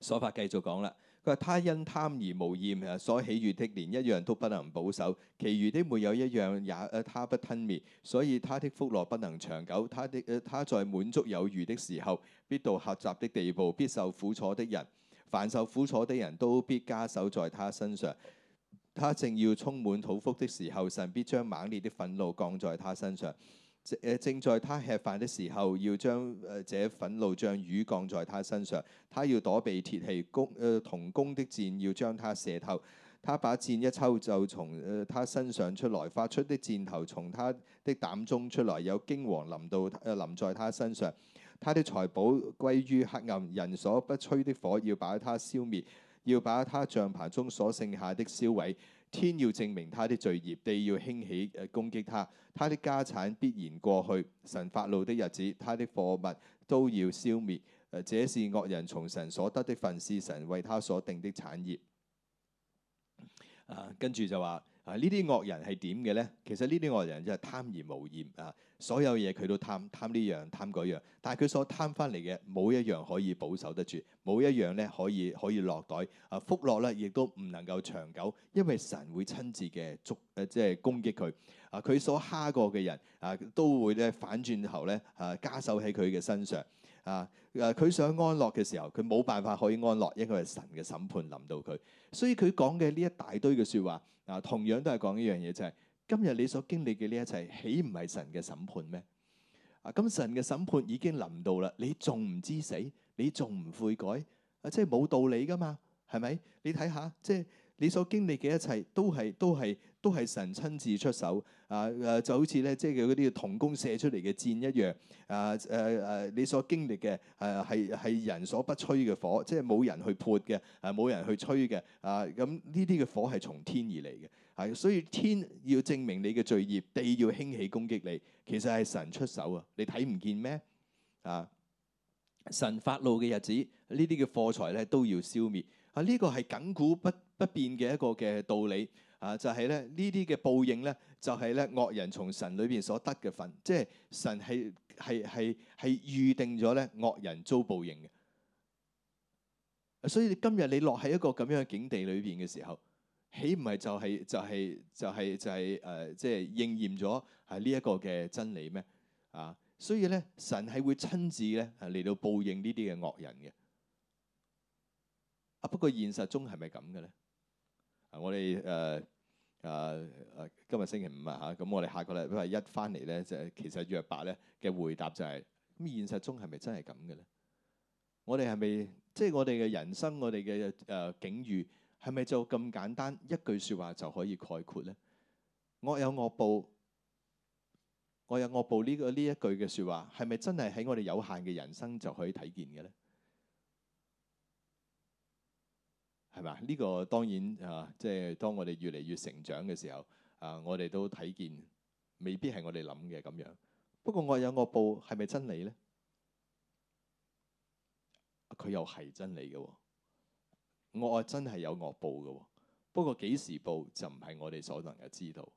所發繼續講啦。佢他因貪而無厭，所喜悅的連一樣都不能保守，其餘的沒有一樣也，他不吞滅，所以他的福樂不能長久。他的，他在滿足有餘的時候，必到狹窄的地步，必受苦楚的人。凡受苦楚的人都必加手在他身上。他正要充滿肚腹的時候，神必將猛烈的憤怒降在他身上。正在他吃飯的時候，要將這憤怒像雨降在他身上。他要躲避鐵器弓，銅弓的箭要將他射透。他把箭一抽就從他身上出來，發出的箭頭從他的膽中出來，有驚惶臨到臨在他身上。他的財寶歸於黑暗，人所不吹的火要把他消滅，要把他帳棚中所剩下的燒毀。天要證明他的罪孽，地要興起攻擊他，他的家產必然過去。神發怒的日子，他的貨物都要消滅。誒，這是惡人從神所得的份，是神為他所定的產業。跟住就話啊，呢啲惡人係點嘅呢？其實呢啲惡人就係貪而無厭啊。所有嘢佢都貪，貪呢樣貪嗰樣，但係佢所貪翻嚟嘅冇一樣可以保守得住，冇一樣咧可以可以落袋。啊，福樂咧亦都唔能夠長久，因為神會親自嘅捉，誒即係攻擊佢。啊，佢所蝦過嘅人啊，都會咧反轉頭咧，啊加手喺佢嘅身上。啊，佢、啊、想安樂嘅時候，佢冇辦法可以安樂，因為係神嘅審判臨到佢。所以佢講嘅呢一大堆嘅説話，啊，同樣都係講一樣嘢，就係、是。今日你所經歷嘅呢一切，豈唔係神嘅審判咩？啊，咁神嘅審判已經臨到啦，你仲唔知死？你仲唔悔改？啊，即係冇道理噶嘛，係咪？你睇下，即係你所經歷嘅一切都，都係都係都係神親自出手啊！誒，就好似咧，即係佢嗰啲銅弓射出嚟嘅箭一樣啊！誒、啊、誒，你所經歷嘅誒係係人所不吹嘅火，即係冇人去潑嘅，誒、啊、冇人去吹嘅啊！咁呢啲嘅火係從天而嚟嘅。係，所以天要證明你嘅罪孽，地要興起攻擊你，其實係神出手啊！你睇唔見咩？啊！神發怒嘅日子，呢啲嘅貨財咧都要消滅啊！呢個係亘古不不變嘅一個嘅道理啊！就係咧呢啲嘅報應咧，就係咧惡人從神裏邊所得嘅份，即係神係係係係預定咗咧惡人遭報應嘅。所以今日你落喺一個咁樣嘅境地裏邊嘅時候。豈唔係就係、是、就係、是、就係、是、就係、是、誒、即、呃、係、就是、應驗咗係呢一個嘅真理咩？啊，所以咧，神係會親自咧嚟，到報應呢啲嘅惡人嘅。啊，不過現實中係咪咁嘅咧？啊，我哋誒誒誒，今日星期五啊吓，咁我哋下個禮拜一翻嚟咧，就係其實約伯咧嘅回答就係、是、咁、嗯，現實中係咪真係咁嘅咧？我哋係咪即係我哋嘅人生，我哋嘅誒境遇？係咪就咁簡單一句説話就可以概括呢？惡有惡報，我有惡報呢個呢一句嘅説話，係咪真係喺我哋有限嘅人生就可以睇見嘅呢？係咪？呢個當然啊，即係當我哋越嚟越成長嘅時候啊，我哋都睇見未必係我哋諗嘅咁樣。不過惡有惡報係咪真理呢？佢又係真理嘅喎。惡真係有惡報嘅，不過幾時報就唔係我哋所能夠知道。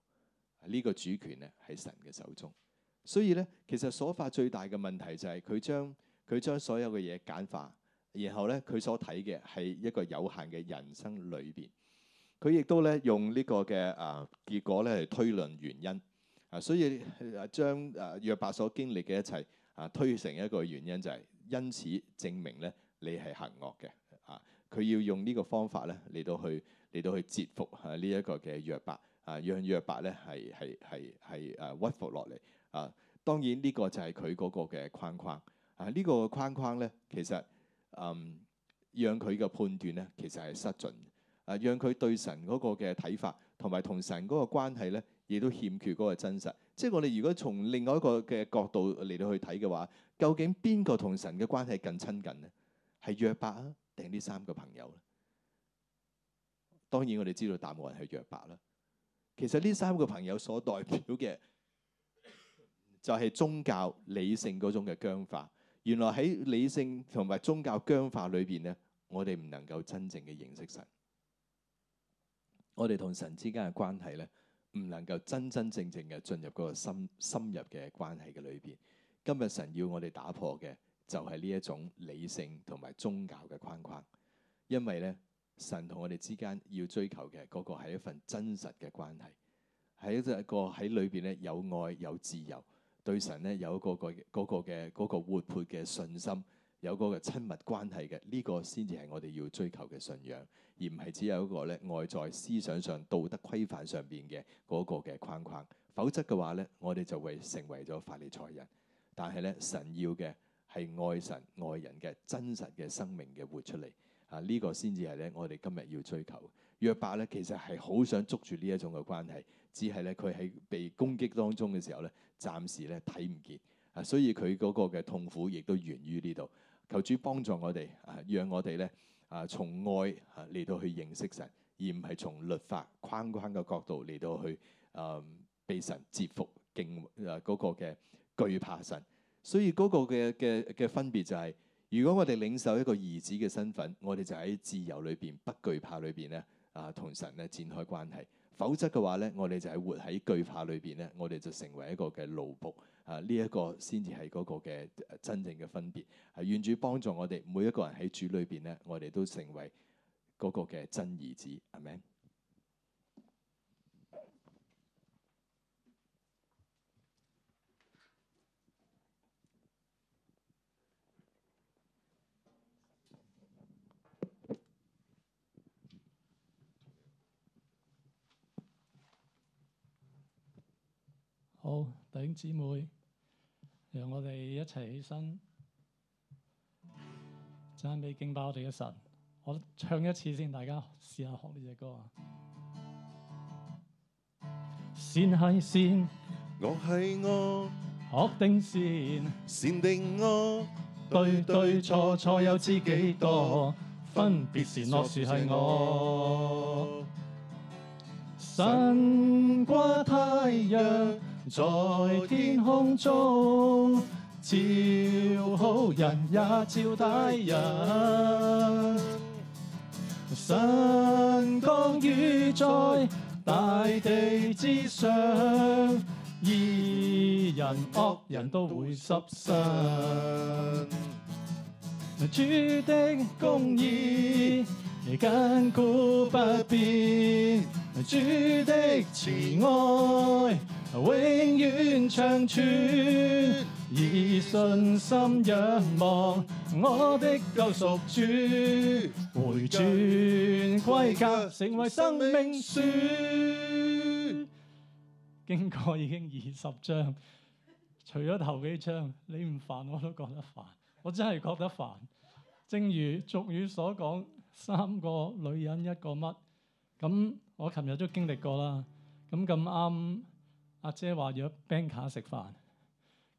呢、這個主權咧喺神嘅手中，所以咧其實瑣法最大嘅問題就係佢將佢將所有嘅嘢簡化，然後咧佢所睇嘅係一個有限嘅人生裏邊。佢亦都咧用呢個嘅啊結果咧嚟推論原因啊，所以將啊約伯所經歷嘅一切啊推成一個原因，就是，就係因此證明咧你係行惡嘅。佢要用呢個方法咧嚟到去嚟到去折服啊呢一個嘅約伯啊，讓約伯咧係係係係誒屈服落嚟啊。當然呢個就係佢嗰個嘅框框啊。呢個框框咧、啊這個，其實嗯讓佢嘅判斷咧，其實係失準啊。讓佢對神嗰個嘅睇法同埋同神嗰個關係咧，亦都欠缺嗰個真實。即係我哋如果從另外一個嘅角度嚟到去睇嘅話，究竟邊個同神嘅關係更親近呢？係約伯啊，定呢三個朋友咧，當然我哋知道答案係約伯啦。其實呢三個朋友所代表嘅，就係宗教理性嗰種嘅僵化。原來喺理性同埋宗教僵化裏邊咧，我哋唔能夠真正嘅認識神，我哋同神之間嘅關係咧，唔能夠真真正正嘅進入嗰個深深入嘅關係嘅裏邊。今日神要我哋打破嘅。就係呢一種理性同埋宗教嘅框框，因為咧神同我哋之間要追求嘅嗰、嗰個係一份真實嘅關係，係一個喺裏邊咧有愛有自由，對神咧有嗰個嘅嗰、嗰個嗰個嗰個、活潑嘅信心，有嗰個親密關係嘅呢、呢個先至係我哋要追求嘅信仰，而唔係只有一個咧外在思想上道德規範上邊嘅嗰個嘅框框。否則嘅話咧，我哋就會成為咗法利賽人。但係咧，神要嘅。係愛神愛人嘅真實嘅生命嘅活出嚟。啊呢、這個先至係咧我哋今日要追求。約伯咧其實係好想捉住呢一種嘅關係，只係咧佢喺被攻擊當中嘅時候咧，暫時咧睇唔見，啊所以佢嗰個嘅痛苦亦都源於呢度。求主幫助我哋，啊讓我哋咧啊從愛嚟到去認識神，而唔係從律法框框嘅角度嚟到去啊、嗯、被神折服敬啊嗰個嘅懼怕神。所以嗰個嘅嘅嘅分別就係、是，如果我哋領受一個兒子嘅身份，我哋就喺自由裏邊不懼怕裏邊咧，啊同神咧展開關係；否則嘅話咧，我哋就係活喺懼怕裏邊咧，我哋就成為一個嘅奴僕啊！呢、這、一個先至係嗰個嘅真正嘅分別。願、啊、主幫助我哋每一個人喺主裏邊咧，我哋都成為嗰個嘅真兒子。阿門。好弟兄姊妹，讓我哋一齊起身，讚美敬拜我哋嘅神。我唱一次先，大家試下學呢隻歌啊！善係善，我係我，惡定善，善定我。對對錯錯有知幾多？分別善惡樹係我。神瓜太陽，在天空中照好人也照歹人，神降雨在大地之上，善人惡人都會濕身，主的公義亘古不變，主的慈愛。永遠長存，以信心仰望我的救贖主，回轉歸家，家家成為生命樹。經過已經二十章，除咗頭幾章，你唔煩我都覺得煩，我真係覺得煩。正如俗語所講，三個女人一個乜，咁我琴日都經歷過啦。咁咁啱。阿姐話約 Bank 卡食飯，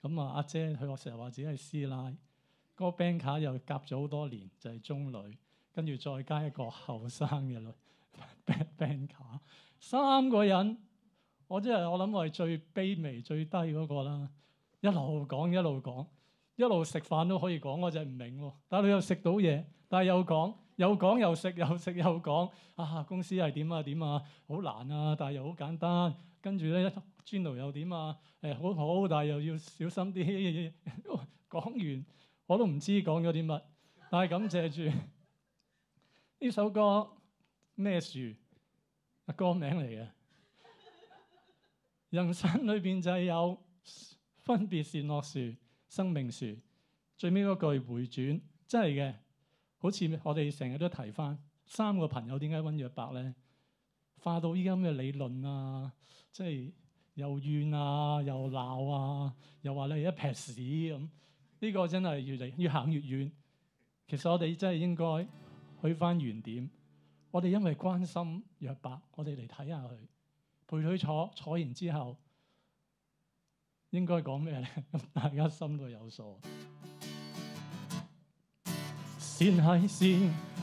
咁啊阿姐佢成日話自己係師奶，嗰個 Bank 卡又夾咗好多年，就係中女，跟住再加一個後生嘅女 Bank 卡，三個人，我真係，我諗我係最卑微最低嗰個啦，一路講一路講，一路食飯都可以講，我就唔明喎。但係佢又食到嘢，但係又講，又講又食又食又講，啊公司係點啊點啊，好難啊，但係又好簡單。跟住咧，磚路又點啊？誒、哎，好好，但係又要小心啲。講 完我都唔知講咗啲乜，但係感謝住呢首歌咩樹啊？歌名嚟嘅。人生裏邊就係有分別善惡樹、生命樹。最尾嗰句回轉真係嘅，好似我哋成日都提翻三個朋友點解温若白咧？化到依家咁嘅理論啊，即係又怨啊，又鬧啊，又話你係一撇屎咁，呢、這個真係越嚟越行越遠。其實我哋真係應該去返原點。我哋因為關心約伯，我哋嚟睇下佢，陪佢坐，坐完之後應該講咩咧？ 大家心裏都有數。先。係先。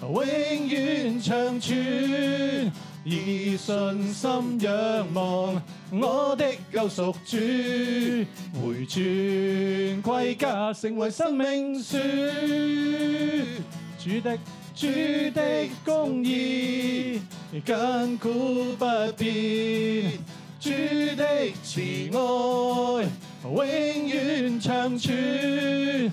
永遠長存，以信心仰望我的救贖主，回轉歸家成為生命樹。主的主的公義亙古不變，主的慈愛永遠長存。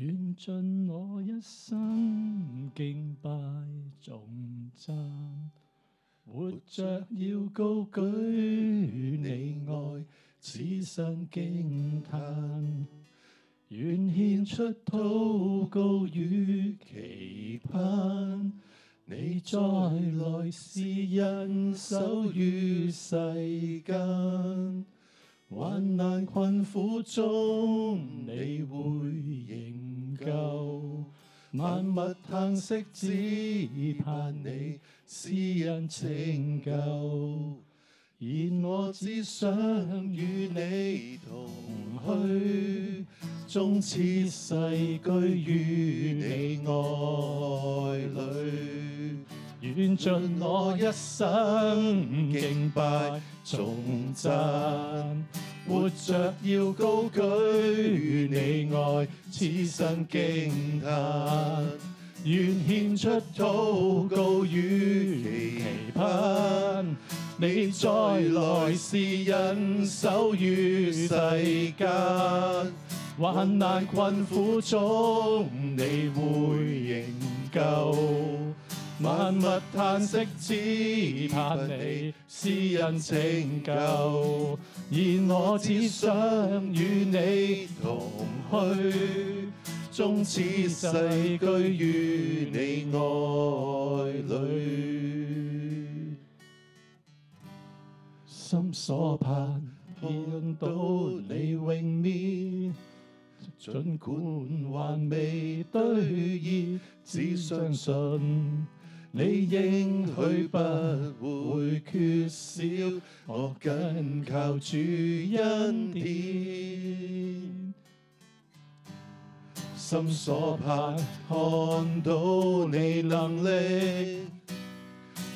願盡我一生敬拜重讚，活着要高舉你愛，此生驚嘆。願獻出禱告與期盼，你再來是恩手於世間。患難困苦中，你會營救。萬物嘆息，只盼你施恩拯救。而我只想與你同去，終此世居於你愛裏。願盡我一生敬拜頌讚，活着要高舉你愛，此生驚嘆。願獻出禱告與期盼，你再來是人手於世間，患難困苦中你會營救。萬物嘆息，只盼你施恩拯救。而我只想與你同去，終此世居於你愛裏。 心所盼見到你永面，儘管還未兌現，只相信。你應許不會缺少，我緊靠主恩典。心所盼看到你能力，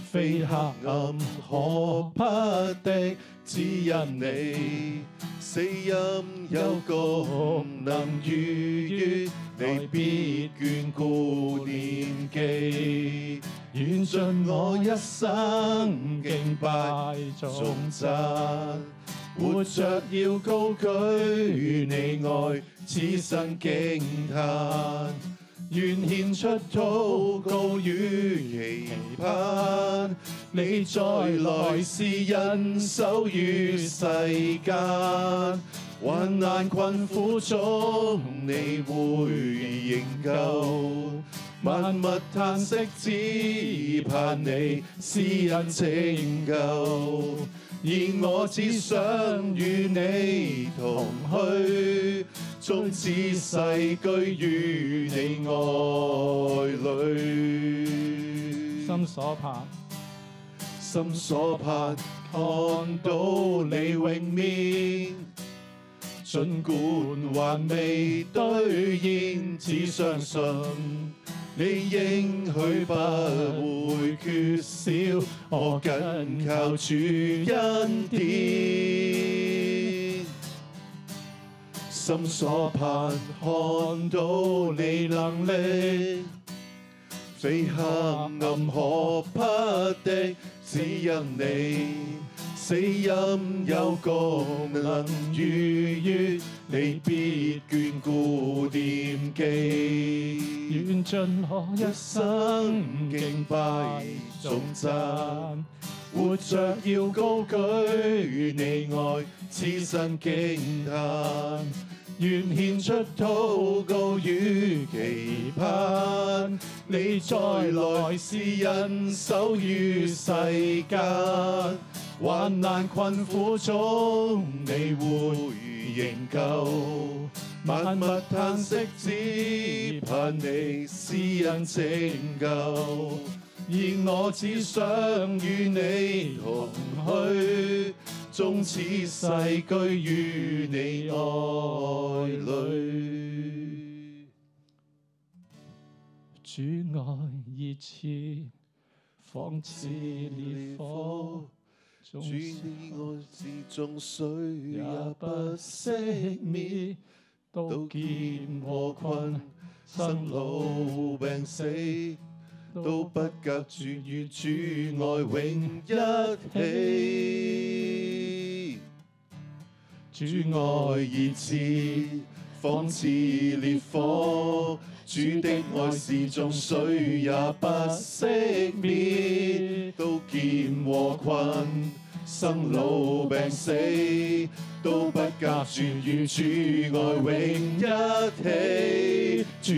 非黑暗可匹敵，只因你死蔭幽谷能注注，你必眷顧念記。願盡我一生敬拜重讚，活着要高舉你愛，此生驚嘆。願獻出禱告與期盼，你再來是人手於世間，患難困苦中你會仍救。萬物嘆息，只盼你施恩拯救，而我只想與你同去，終此世居於你愛裏。心所盼，心所盼，看到你榮面。盡管還未兌現，只相信你應許不會缺少。我緊靠住恩典，心所盼，看到你能力，非黑暗可匹敵，只因你。死因有個能預約，你必眷顧惦記，願盡我一生敬拜頌讚，活着要高舉你愛，此生驚歎，願獻出禱告與期盼，你再來是人守於世間。患難困苦中，你會仍舊默默嘆息，只盼你私恩拯救。而我只想與你同去，終此世居於你愛裏。 主愛熱切，仿似烈火。主的愛似江水，也不熄滅；刀劍禍困，生老病死都不隔絕，與主愛永一起。主愛熱熾，仿似烈火；主的愛似江水，也不熄滅；刀劍禍困。生老病死都不隔絕，與主愛永一起。主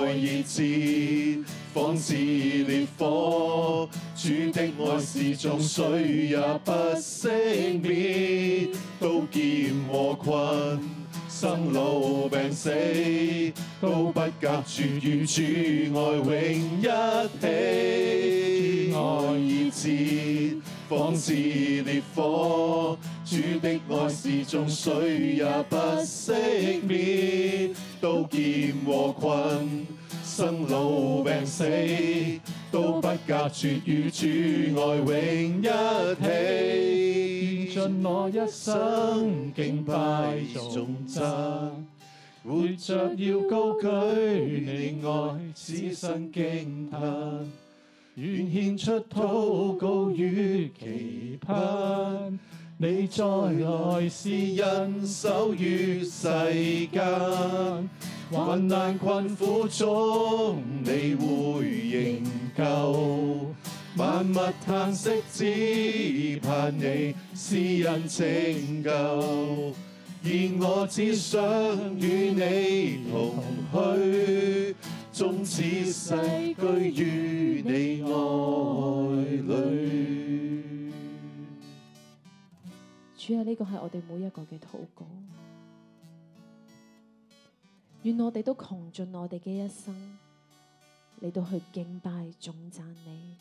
愛熱熾，仿似烈火。主的愛是眾水，也不熄滅。刀劍禍困，生老病死都不隔絕，與主愛永一起。主愛熱熾。仿似烈火，主的愛是種水也不熄滅。刀劍和困，生老病死都不隔絕，與主愛永一起。願盡我一生敬拜頌讚，活着，要高舉你愛驚，此生驚歎。願獻出禱告與期盼，你再來是因手於世間，困難困苦中你會營救，萬物嘆息只盼你是恩拯救，而我只想與你同去。終此世居於你愛裏，主啊，呢個係我哋每一個嘅禱告。願我哋都窮盡我哋嘅一生，嚟到去敬拜、頌讚你。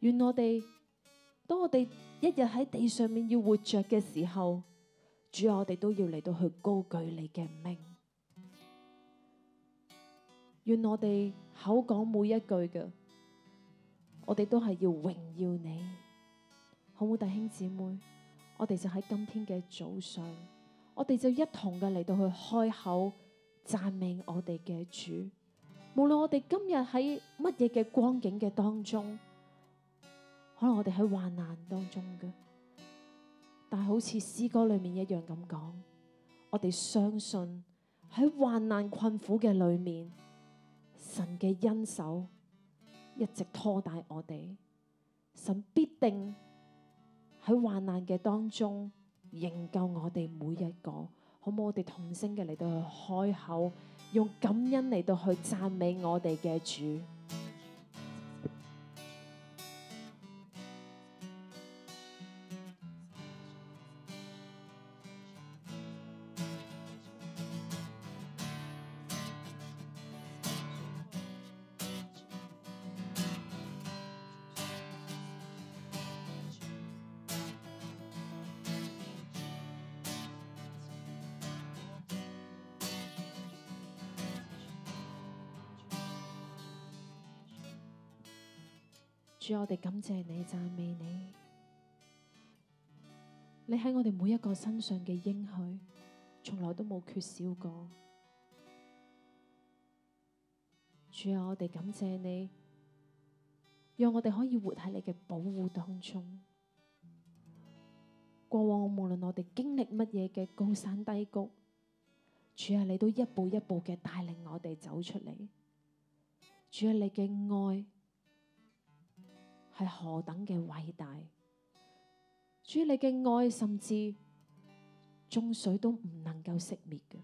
願我哋，當我哋一日喺地上面要活着嘅時候，主啊，我哋都要嚟到去高舉你嘅名。願我哋口講每一句嘅，我哋都係要榮耀你，好冇弟兄姊妹？我哋就喺今天嘅早上，我哋就一同嘅嚟到去開口讚美我哋嘅主。無論我哋今日喺乜嘢嘅光景嘅當中，可能我哋喺患難當中嘅，但係好似詩歌裏面一樣咁講，我哋相信喺患難困苦嘅裏面。神嘅恩手一直拖帶我哋，神必定喺患難嘅當中營救我哋每一個，好唔好我哋同聲嘅嚟到去開口，用感恩嚟到去讚美我哋嘅主。讚美你，你喺我哋每一個身上嘅應許，從來都冇缺少過。主啊，我哋感謝你，讓我哋可以活喺你嘅保護當中。過往無論我哋經歷乜嘢嘅高山低谷，主啊，你都一步一步嘅帶領我哋走出嚟。主啊，你嘅愛。係何等嘅偉大！主你嘅愛甚至眾水都唔能夠熄滅嘅。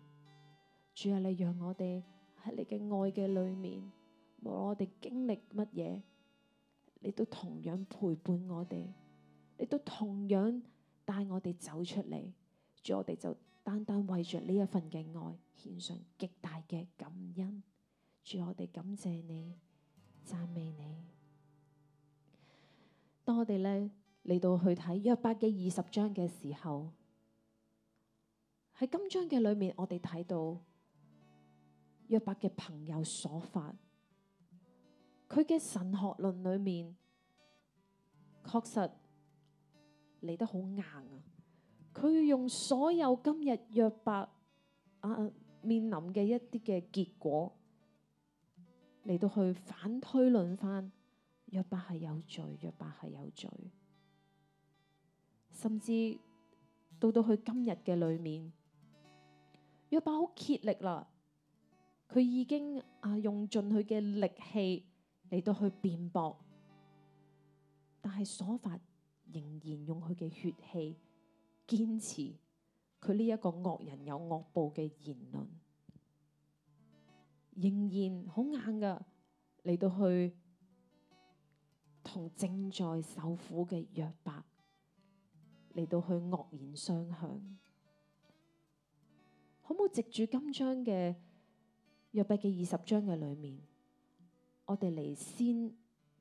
主啊，你讓我哋喺你嘅愛嘅裏面，無論我哋經歷乜嘢，你都同樣陪伴我哋，你都同樣帶我哋走出嚟。主，我哋就單單為着呢一份嘅愛，獻上極大嘅感恩。主，我哋感謝你，讚美你。當我哋呢嚟到去睇約伯嘅二十章嘅時候，喺今章嘅裏面，我哋睇到約伯嘅朋友所發，佢嘅神學論裏面確實嚟得好硬啊！佢用所有今日約伯啊面臨嘅一啲嘅結果嚟到去反推論翻。約伯係有罪，約伯係有罪，甚至到到佢今日嘅裏面，約伯好竭力啦，佢已經啊用盡佢嘅力氣嚟到去辯駁，但係瑣法仍然用佢嘅血氣堅持佢呢一個惡人有惡報嘅言論，仍然好硬噶嚟到去。同正在受苦嘅約伯嚟到去惡言相向，可唔可以藉住今章嘅約伯嘅二十章嘅裏面，我哋嚟先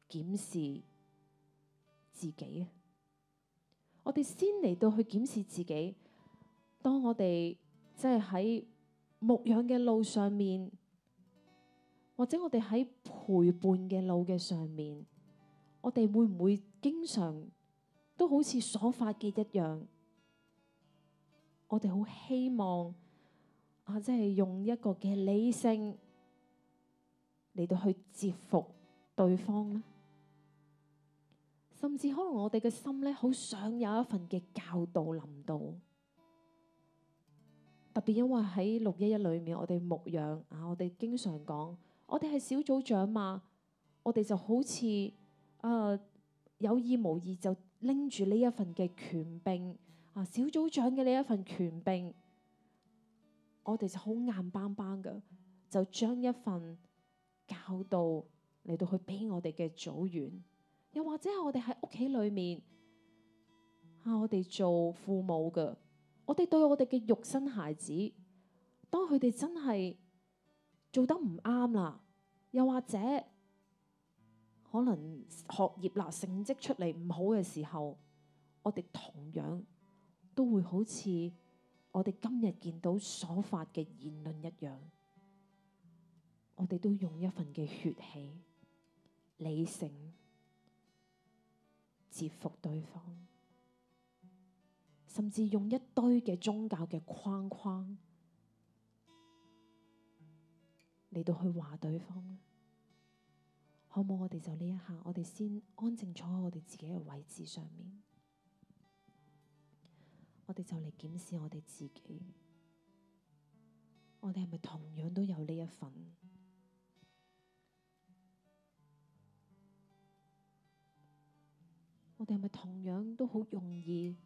檢視自己啊！我哋先嚟到去檢視自己，當我哋即係喺牧養嘅路上面，或者我哋喺陪伴嘅路嘅上面。我哋會唔會經常都好似瑣法嘅一樣？我哋好希望啊，即係用一個嘅理性嚟到去折服對方咧，甚至可能我哋嘅心咧，好想有一份嘅教導臨到。特別因為喺六一一裏面，我哋牧養，啊，我哋經常講，我哋係小組長嘛，我哋就好似。啊，uh, 有意無意就拎住呢一份嘅權柄啊，小組長嘅呢一份權柄，我哋就好硬邦邦㗎，就將一份教導嚟到去俾我哋嘅組員。又或者係我哋喺屋企裏面啊，我哋做父母嘅，我哋對我哋嘅肉身孩子，當佢哋真係做得唔啱啦，又或者。可能學業啦，成績出嚟唔好嘅時候，我哋同樣都會好似我哋今日見到所發嘅言論一樣，我哋都用一份嘅血氣、理性折服對方，甚至用一堆嘅宗教嘅框框嚟到去話對方。好冇？我哋就呢一刻，我哋先安靜坐喺我哋自己嘅位置上面。我哋就嚟檢視我哋自己，我哋係咪同樣都有呢一份？我哋係咪同樣都好容易？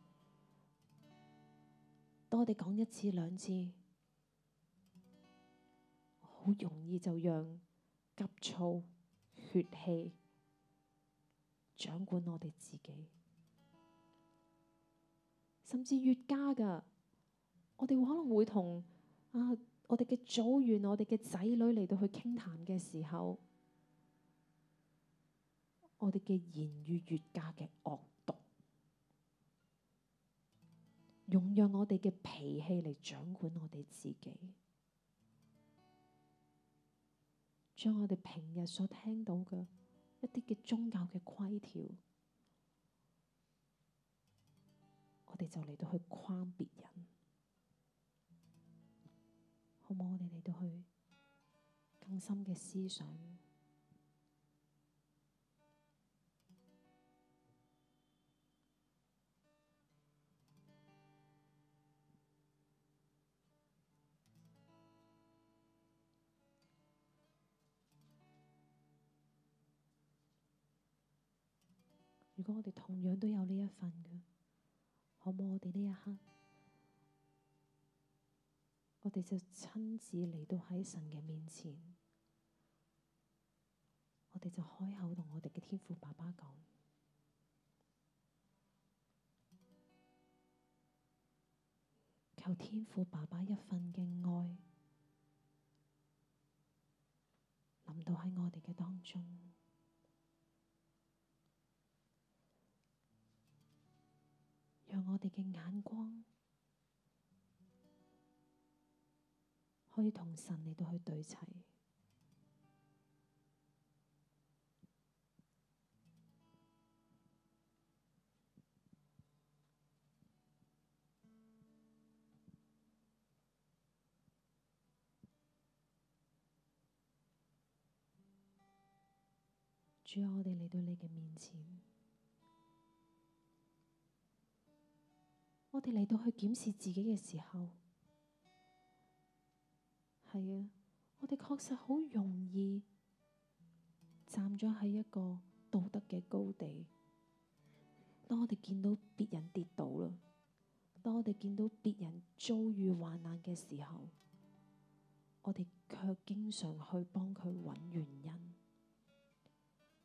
當我哋講一次兩次，好容易就讓急躁。血氣掌管我哋自己，甚至越加噶，我哋可能會同啊我哋嘅組員、我哋嘅仔女嚟到去傾談嘅時候，我哋嘅言語越加嘅惡毒，用讓我哋嘅脾氣嚟掌管我哋自己。將我哋平日所聽到嘅一啲嘅宗教嘅規條，我哋就嚟到去框別人。好唔好？我哋嚟到去更深嘅思想。如果我哋同樣都有呢一份嘅，可唔可以？我哋呢一刻，我哋就親自嚟到喺神嘅面前，我哋就開口同我哋嘅天父爸爸講，求天父爸爸一份嘅愛，臨到喺我哋嘅當中。讓我哋嘅眼光可以同神嚟到去對齊，主啊，我哋嚟到你嘅面前。我哋嚟到去檢視自己嘅時候，係啊，我哋確實好容易站咗喺一個道德嘅高地。當我哋見到別人跌倒啦，當我哋見到別人遭遇患難嘅時候，我哋卻經常去幫佢揾原因，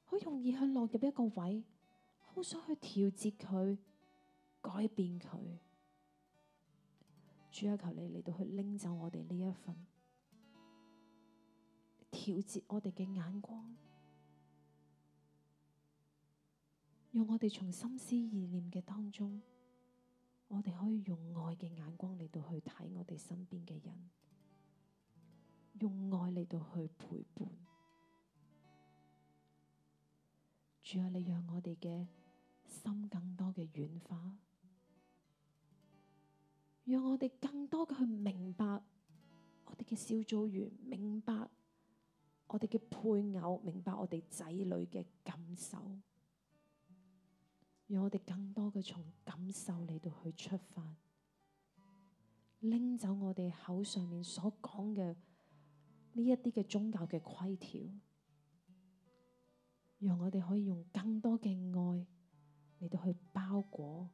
好容易去落入一個位，好想去調節佢。改變佢。主啊，求你嚟到去拎走我哋呢一份，調節我哋嘅眼光，用我哋從心思意念嘅當中，我哋可以用愛嘅眼光嚟到去睇我哋身邊嘅人，用愛嚟到去陪伴。主啊，你讓我哋嘅心更多嘅軟化。讓我哋更多嘅去明白我哋嘅小組員，明白我哋嘅配偶，明白我哋仔女嘅感受。讓我哋更多嘅從感受嚟到去出發，拎走我哋口上面所講嘅呢一啲嘅宗教嘅規條，讓我哋可以用更多嘅愛嚟到去包裹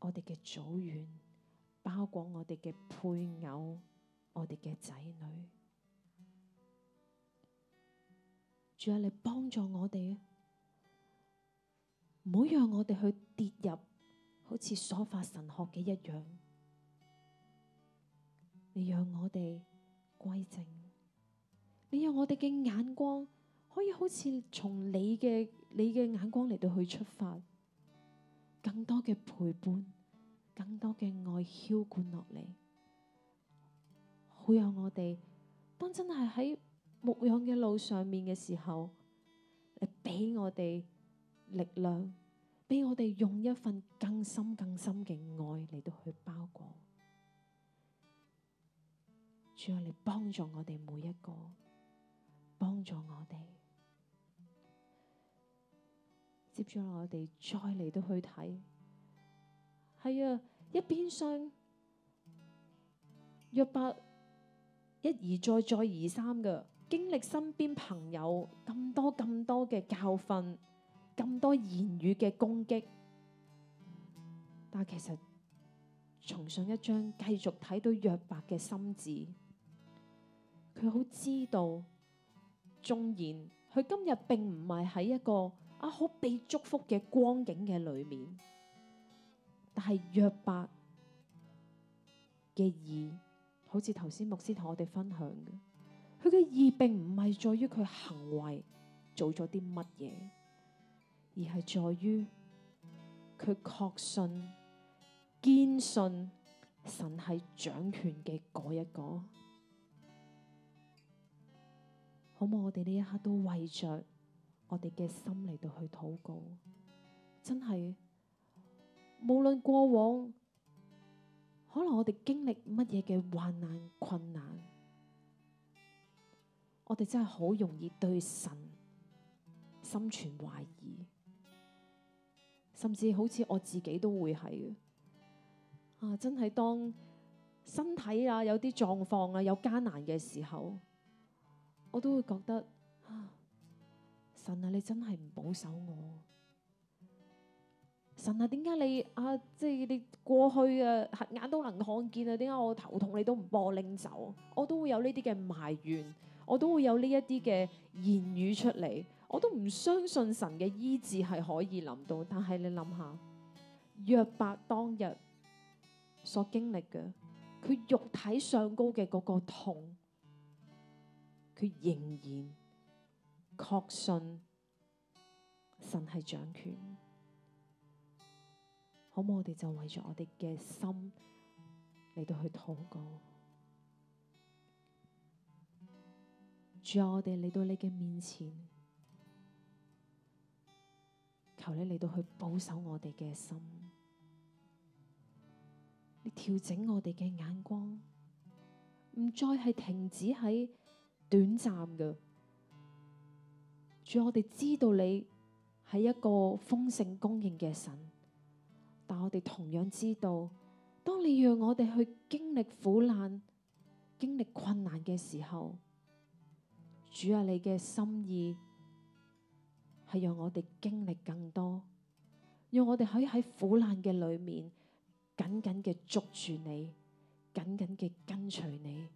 我哋嘅組員。包括我哋嘅配偶、我哋嘅仔女，仲有你幫助我哋，唔好讓我哋去跌入好似瑣法神學嘅一樣，你讓我哋歸正，你讓我哋嘅眼光可以好似從你嘅你嘅眼光嚟到去出發，更多嘅陪伴。更多嘅愛澆灌落嚟，好有我哋當真係喺牧養嘅路上面嘅時候，你俾我哋力量，俾我哋用一份更深更深嘅愛嚟到去包裹，主，你嚟幫助我哋每一個，幫助我哋，接住落我哋再嚟到去睇。係啊，一邊廂約伯一而再再而三嘅經歷，身邊朋友咁多咁多嘅教訓，咁多言語嘅攻擊，但其實從上一章繼續睇到約伯嘅心志，佢好知道，縱然佢今日並唔係喺一個啊好被祝福嘅光景嘅裏面。但係約伯嘅義，好似頭先牧師同我哋分享嘅，佢嘅義並唔係在於佢行為做咗啲乜嘢，而係在於佢確信、堅信神係掌權嘅嗰一個。好唔好？我哋呢一刻都為着我哋嘅心嚟到去禱告，真係。無論過往，可能我哋經歷乜嘢嘅患難困難，我哋真係好容易對神心存懷疑，甚至好似我自己都會係啊，真係當身體啊有啲狀況啊有艱難嘅時候，我都會覺得啊，神啊，你真係唔保守我。神啊，點解你啊，即係你過去嘅、啊、眼都能看見啊？點解我頭痛你都唔幫我拎走、啊？我都會有呢啲嘅埋怨，我都會有呢一啲嘅言語出嚟，我都唔相信神嘅醫治係可以臨到。但係你諗下，約伯當日所經歷嘅，佢肉體上高嘅嗰個痛，佢仍然確信神係掌權。好唔好？我哋就為咗我哋嘅心嚟到去禱告。主啊，我哋嚟到你嘅面前，求你嚟到去保守我哋嘅心，你調整我哋嘅眼光，唔再係停止喺短暫㗎。主啊，我哋知道你係一個豐盛供應嘅神。但我哋同樣知道，當你讓我哋去經歷苦難、經歷困難嘅時候，主啊，你嘅心意係讓我哋經歷更多，讓我哋可以喺苦難嘅裏面緊緊嘅捉住你，緊緊嘅跟隨你。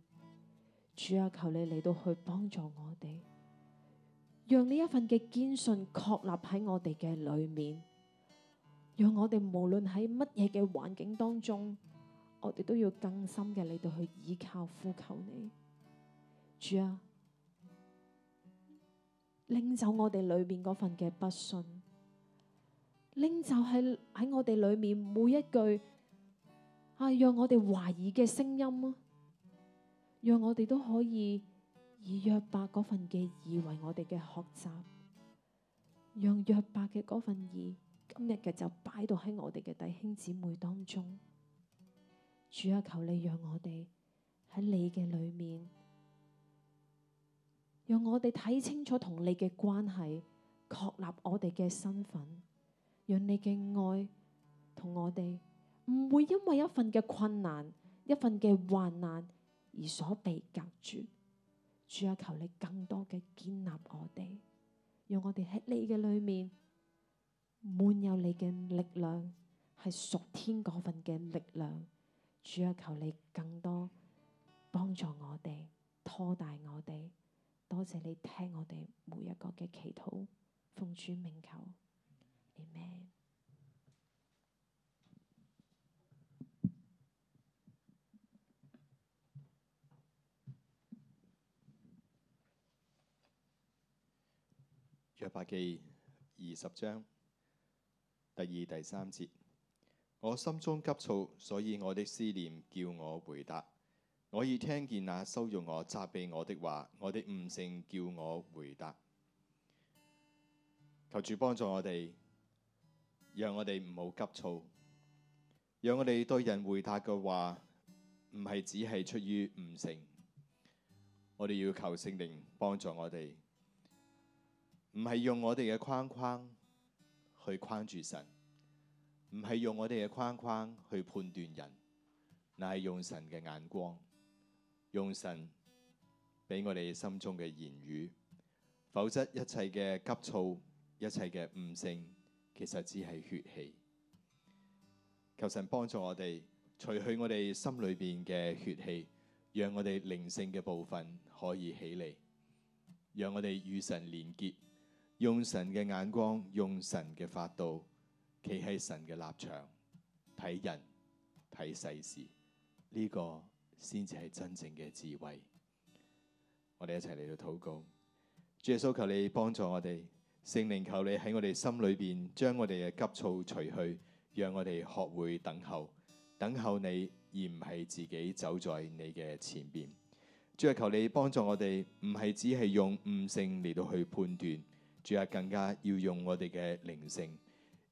主啊，求你嚟到去幫助我哋，讓呢一份嘅堅信確立喺我哋嘅裏面。讓我哋無論喺乜嘢嘅環境當中，我哋都要更深嘅嚟到去倚靠呼求你，主啊，拎走我哋裏面嗰份嘅不信，拎走喺喺我哋裏面每一句啊，讓我哋懷疑嘅聲音啊，讓我哋都可以以約伯嗰份嘅義為我哋嘅學習，讓約伯嘅嗰份義。今日嘅就擺到喺我哋嘅弟兄姊妹當中，主啊，求你讓我哋喺你嘅裏面，讓我哋睇清楚同你嘅關係，確立我哋嘅身份，讓你嘅愛同我哋唔會因為一份嘅困難、一份嘅患難而所被隔絕。主啊，求你更多嘅建立我哋，讓我哋喺你嘅裏面。滿有你嘅力量，係屬天嗰份嘅力量。主要求你更多幫助我哋，拖大我哋。多謝你聽我哋每一個嘅祈禱，奉主名求。阿們。約伯記二十章。第二、第三節，我心中急躁，所以我的思念叫我回答。我已聽見那羞辱我、責備我的話，我的悟性叫我回答。求主幫助我哋，讓我哋唔好急躁，讓我哋對人回答嘅話唔係只係出於悟性。我哋要求聖靈幫助我哋，唔係用我哋嘅框框，去框住神，唔係用我哋嘅框框去判斷人，乃係用神嘅眼光，用神俾我哋心中嘅言語。否則一切嘅急躁，一切嘅悟性，其實只係血氣。求神幫助我哋，除去我哋心裏面嘅血氣，讓我哋靈性嘅部分可以起嚟，讓我哋與神連結。用神嘅眼光，用神嘅法度，企喺神嘅立場睇人睇世事，呢個先至係真正嘅智慧。我哋一齊嚟到禱告，主耶穌，求你幫助我哋聖靈，求你喺我哋心裏邊將我哋嘅急躁除去，讓我哋學會等候，等候你而唔係自己走在你嘅前邊。主耶穌，求你幫助我哋，唔係只係用悟性嚟到去判斷。主啊，更加要用我哋嘅靈性，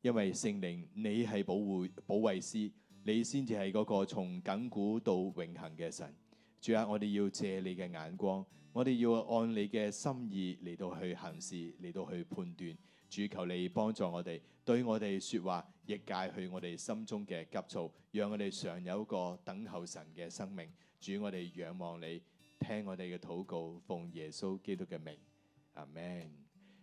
因為聖靈你係保護保惠師，你先至係嗰個從亙古到永恆嘅神。主啊，我哋要借你嘅眼光，我哋要按你嘅心意嚟到去行事，嚟到去判斷。主，求你幫助我哋，對我哋說話，亦戒去我哋心中嘅急躁，讓我哋常有一個等候神嘅生命。主，我哋仰望你，聽我哋嘅禱告，奉耶穌基督嘅名，阿門。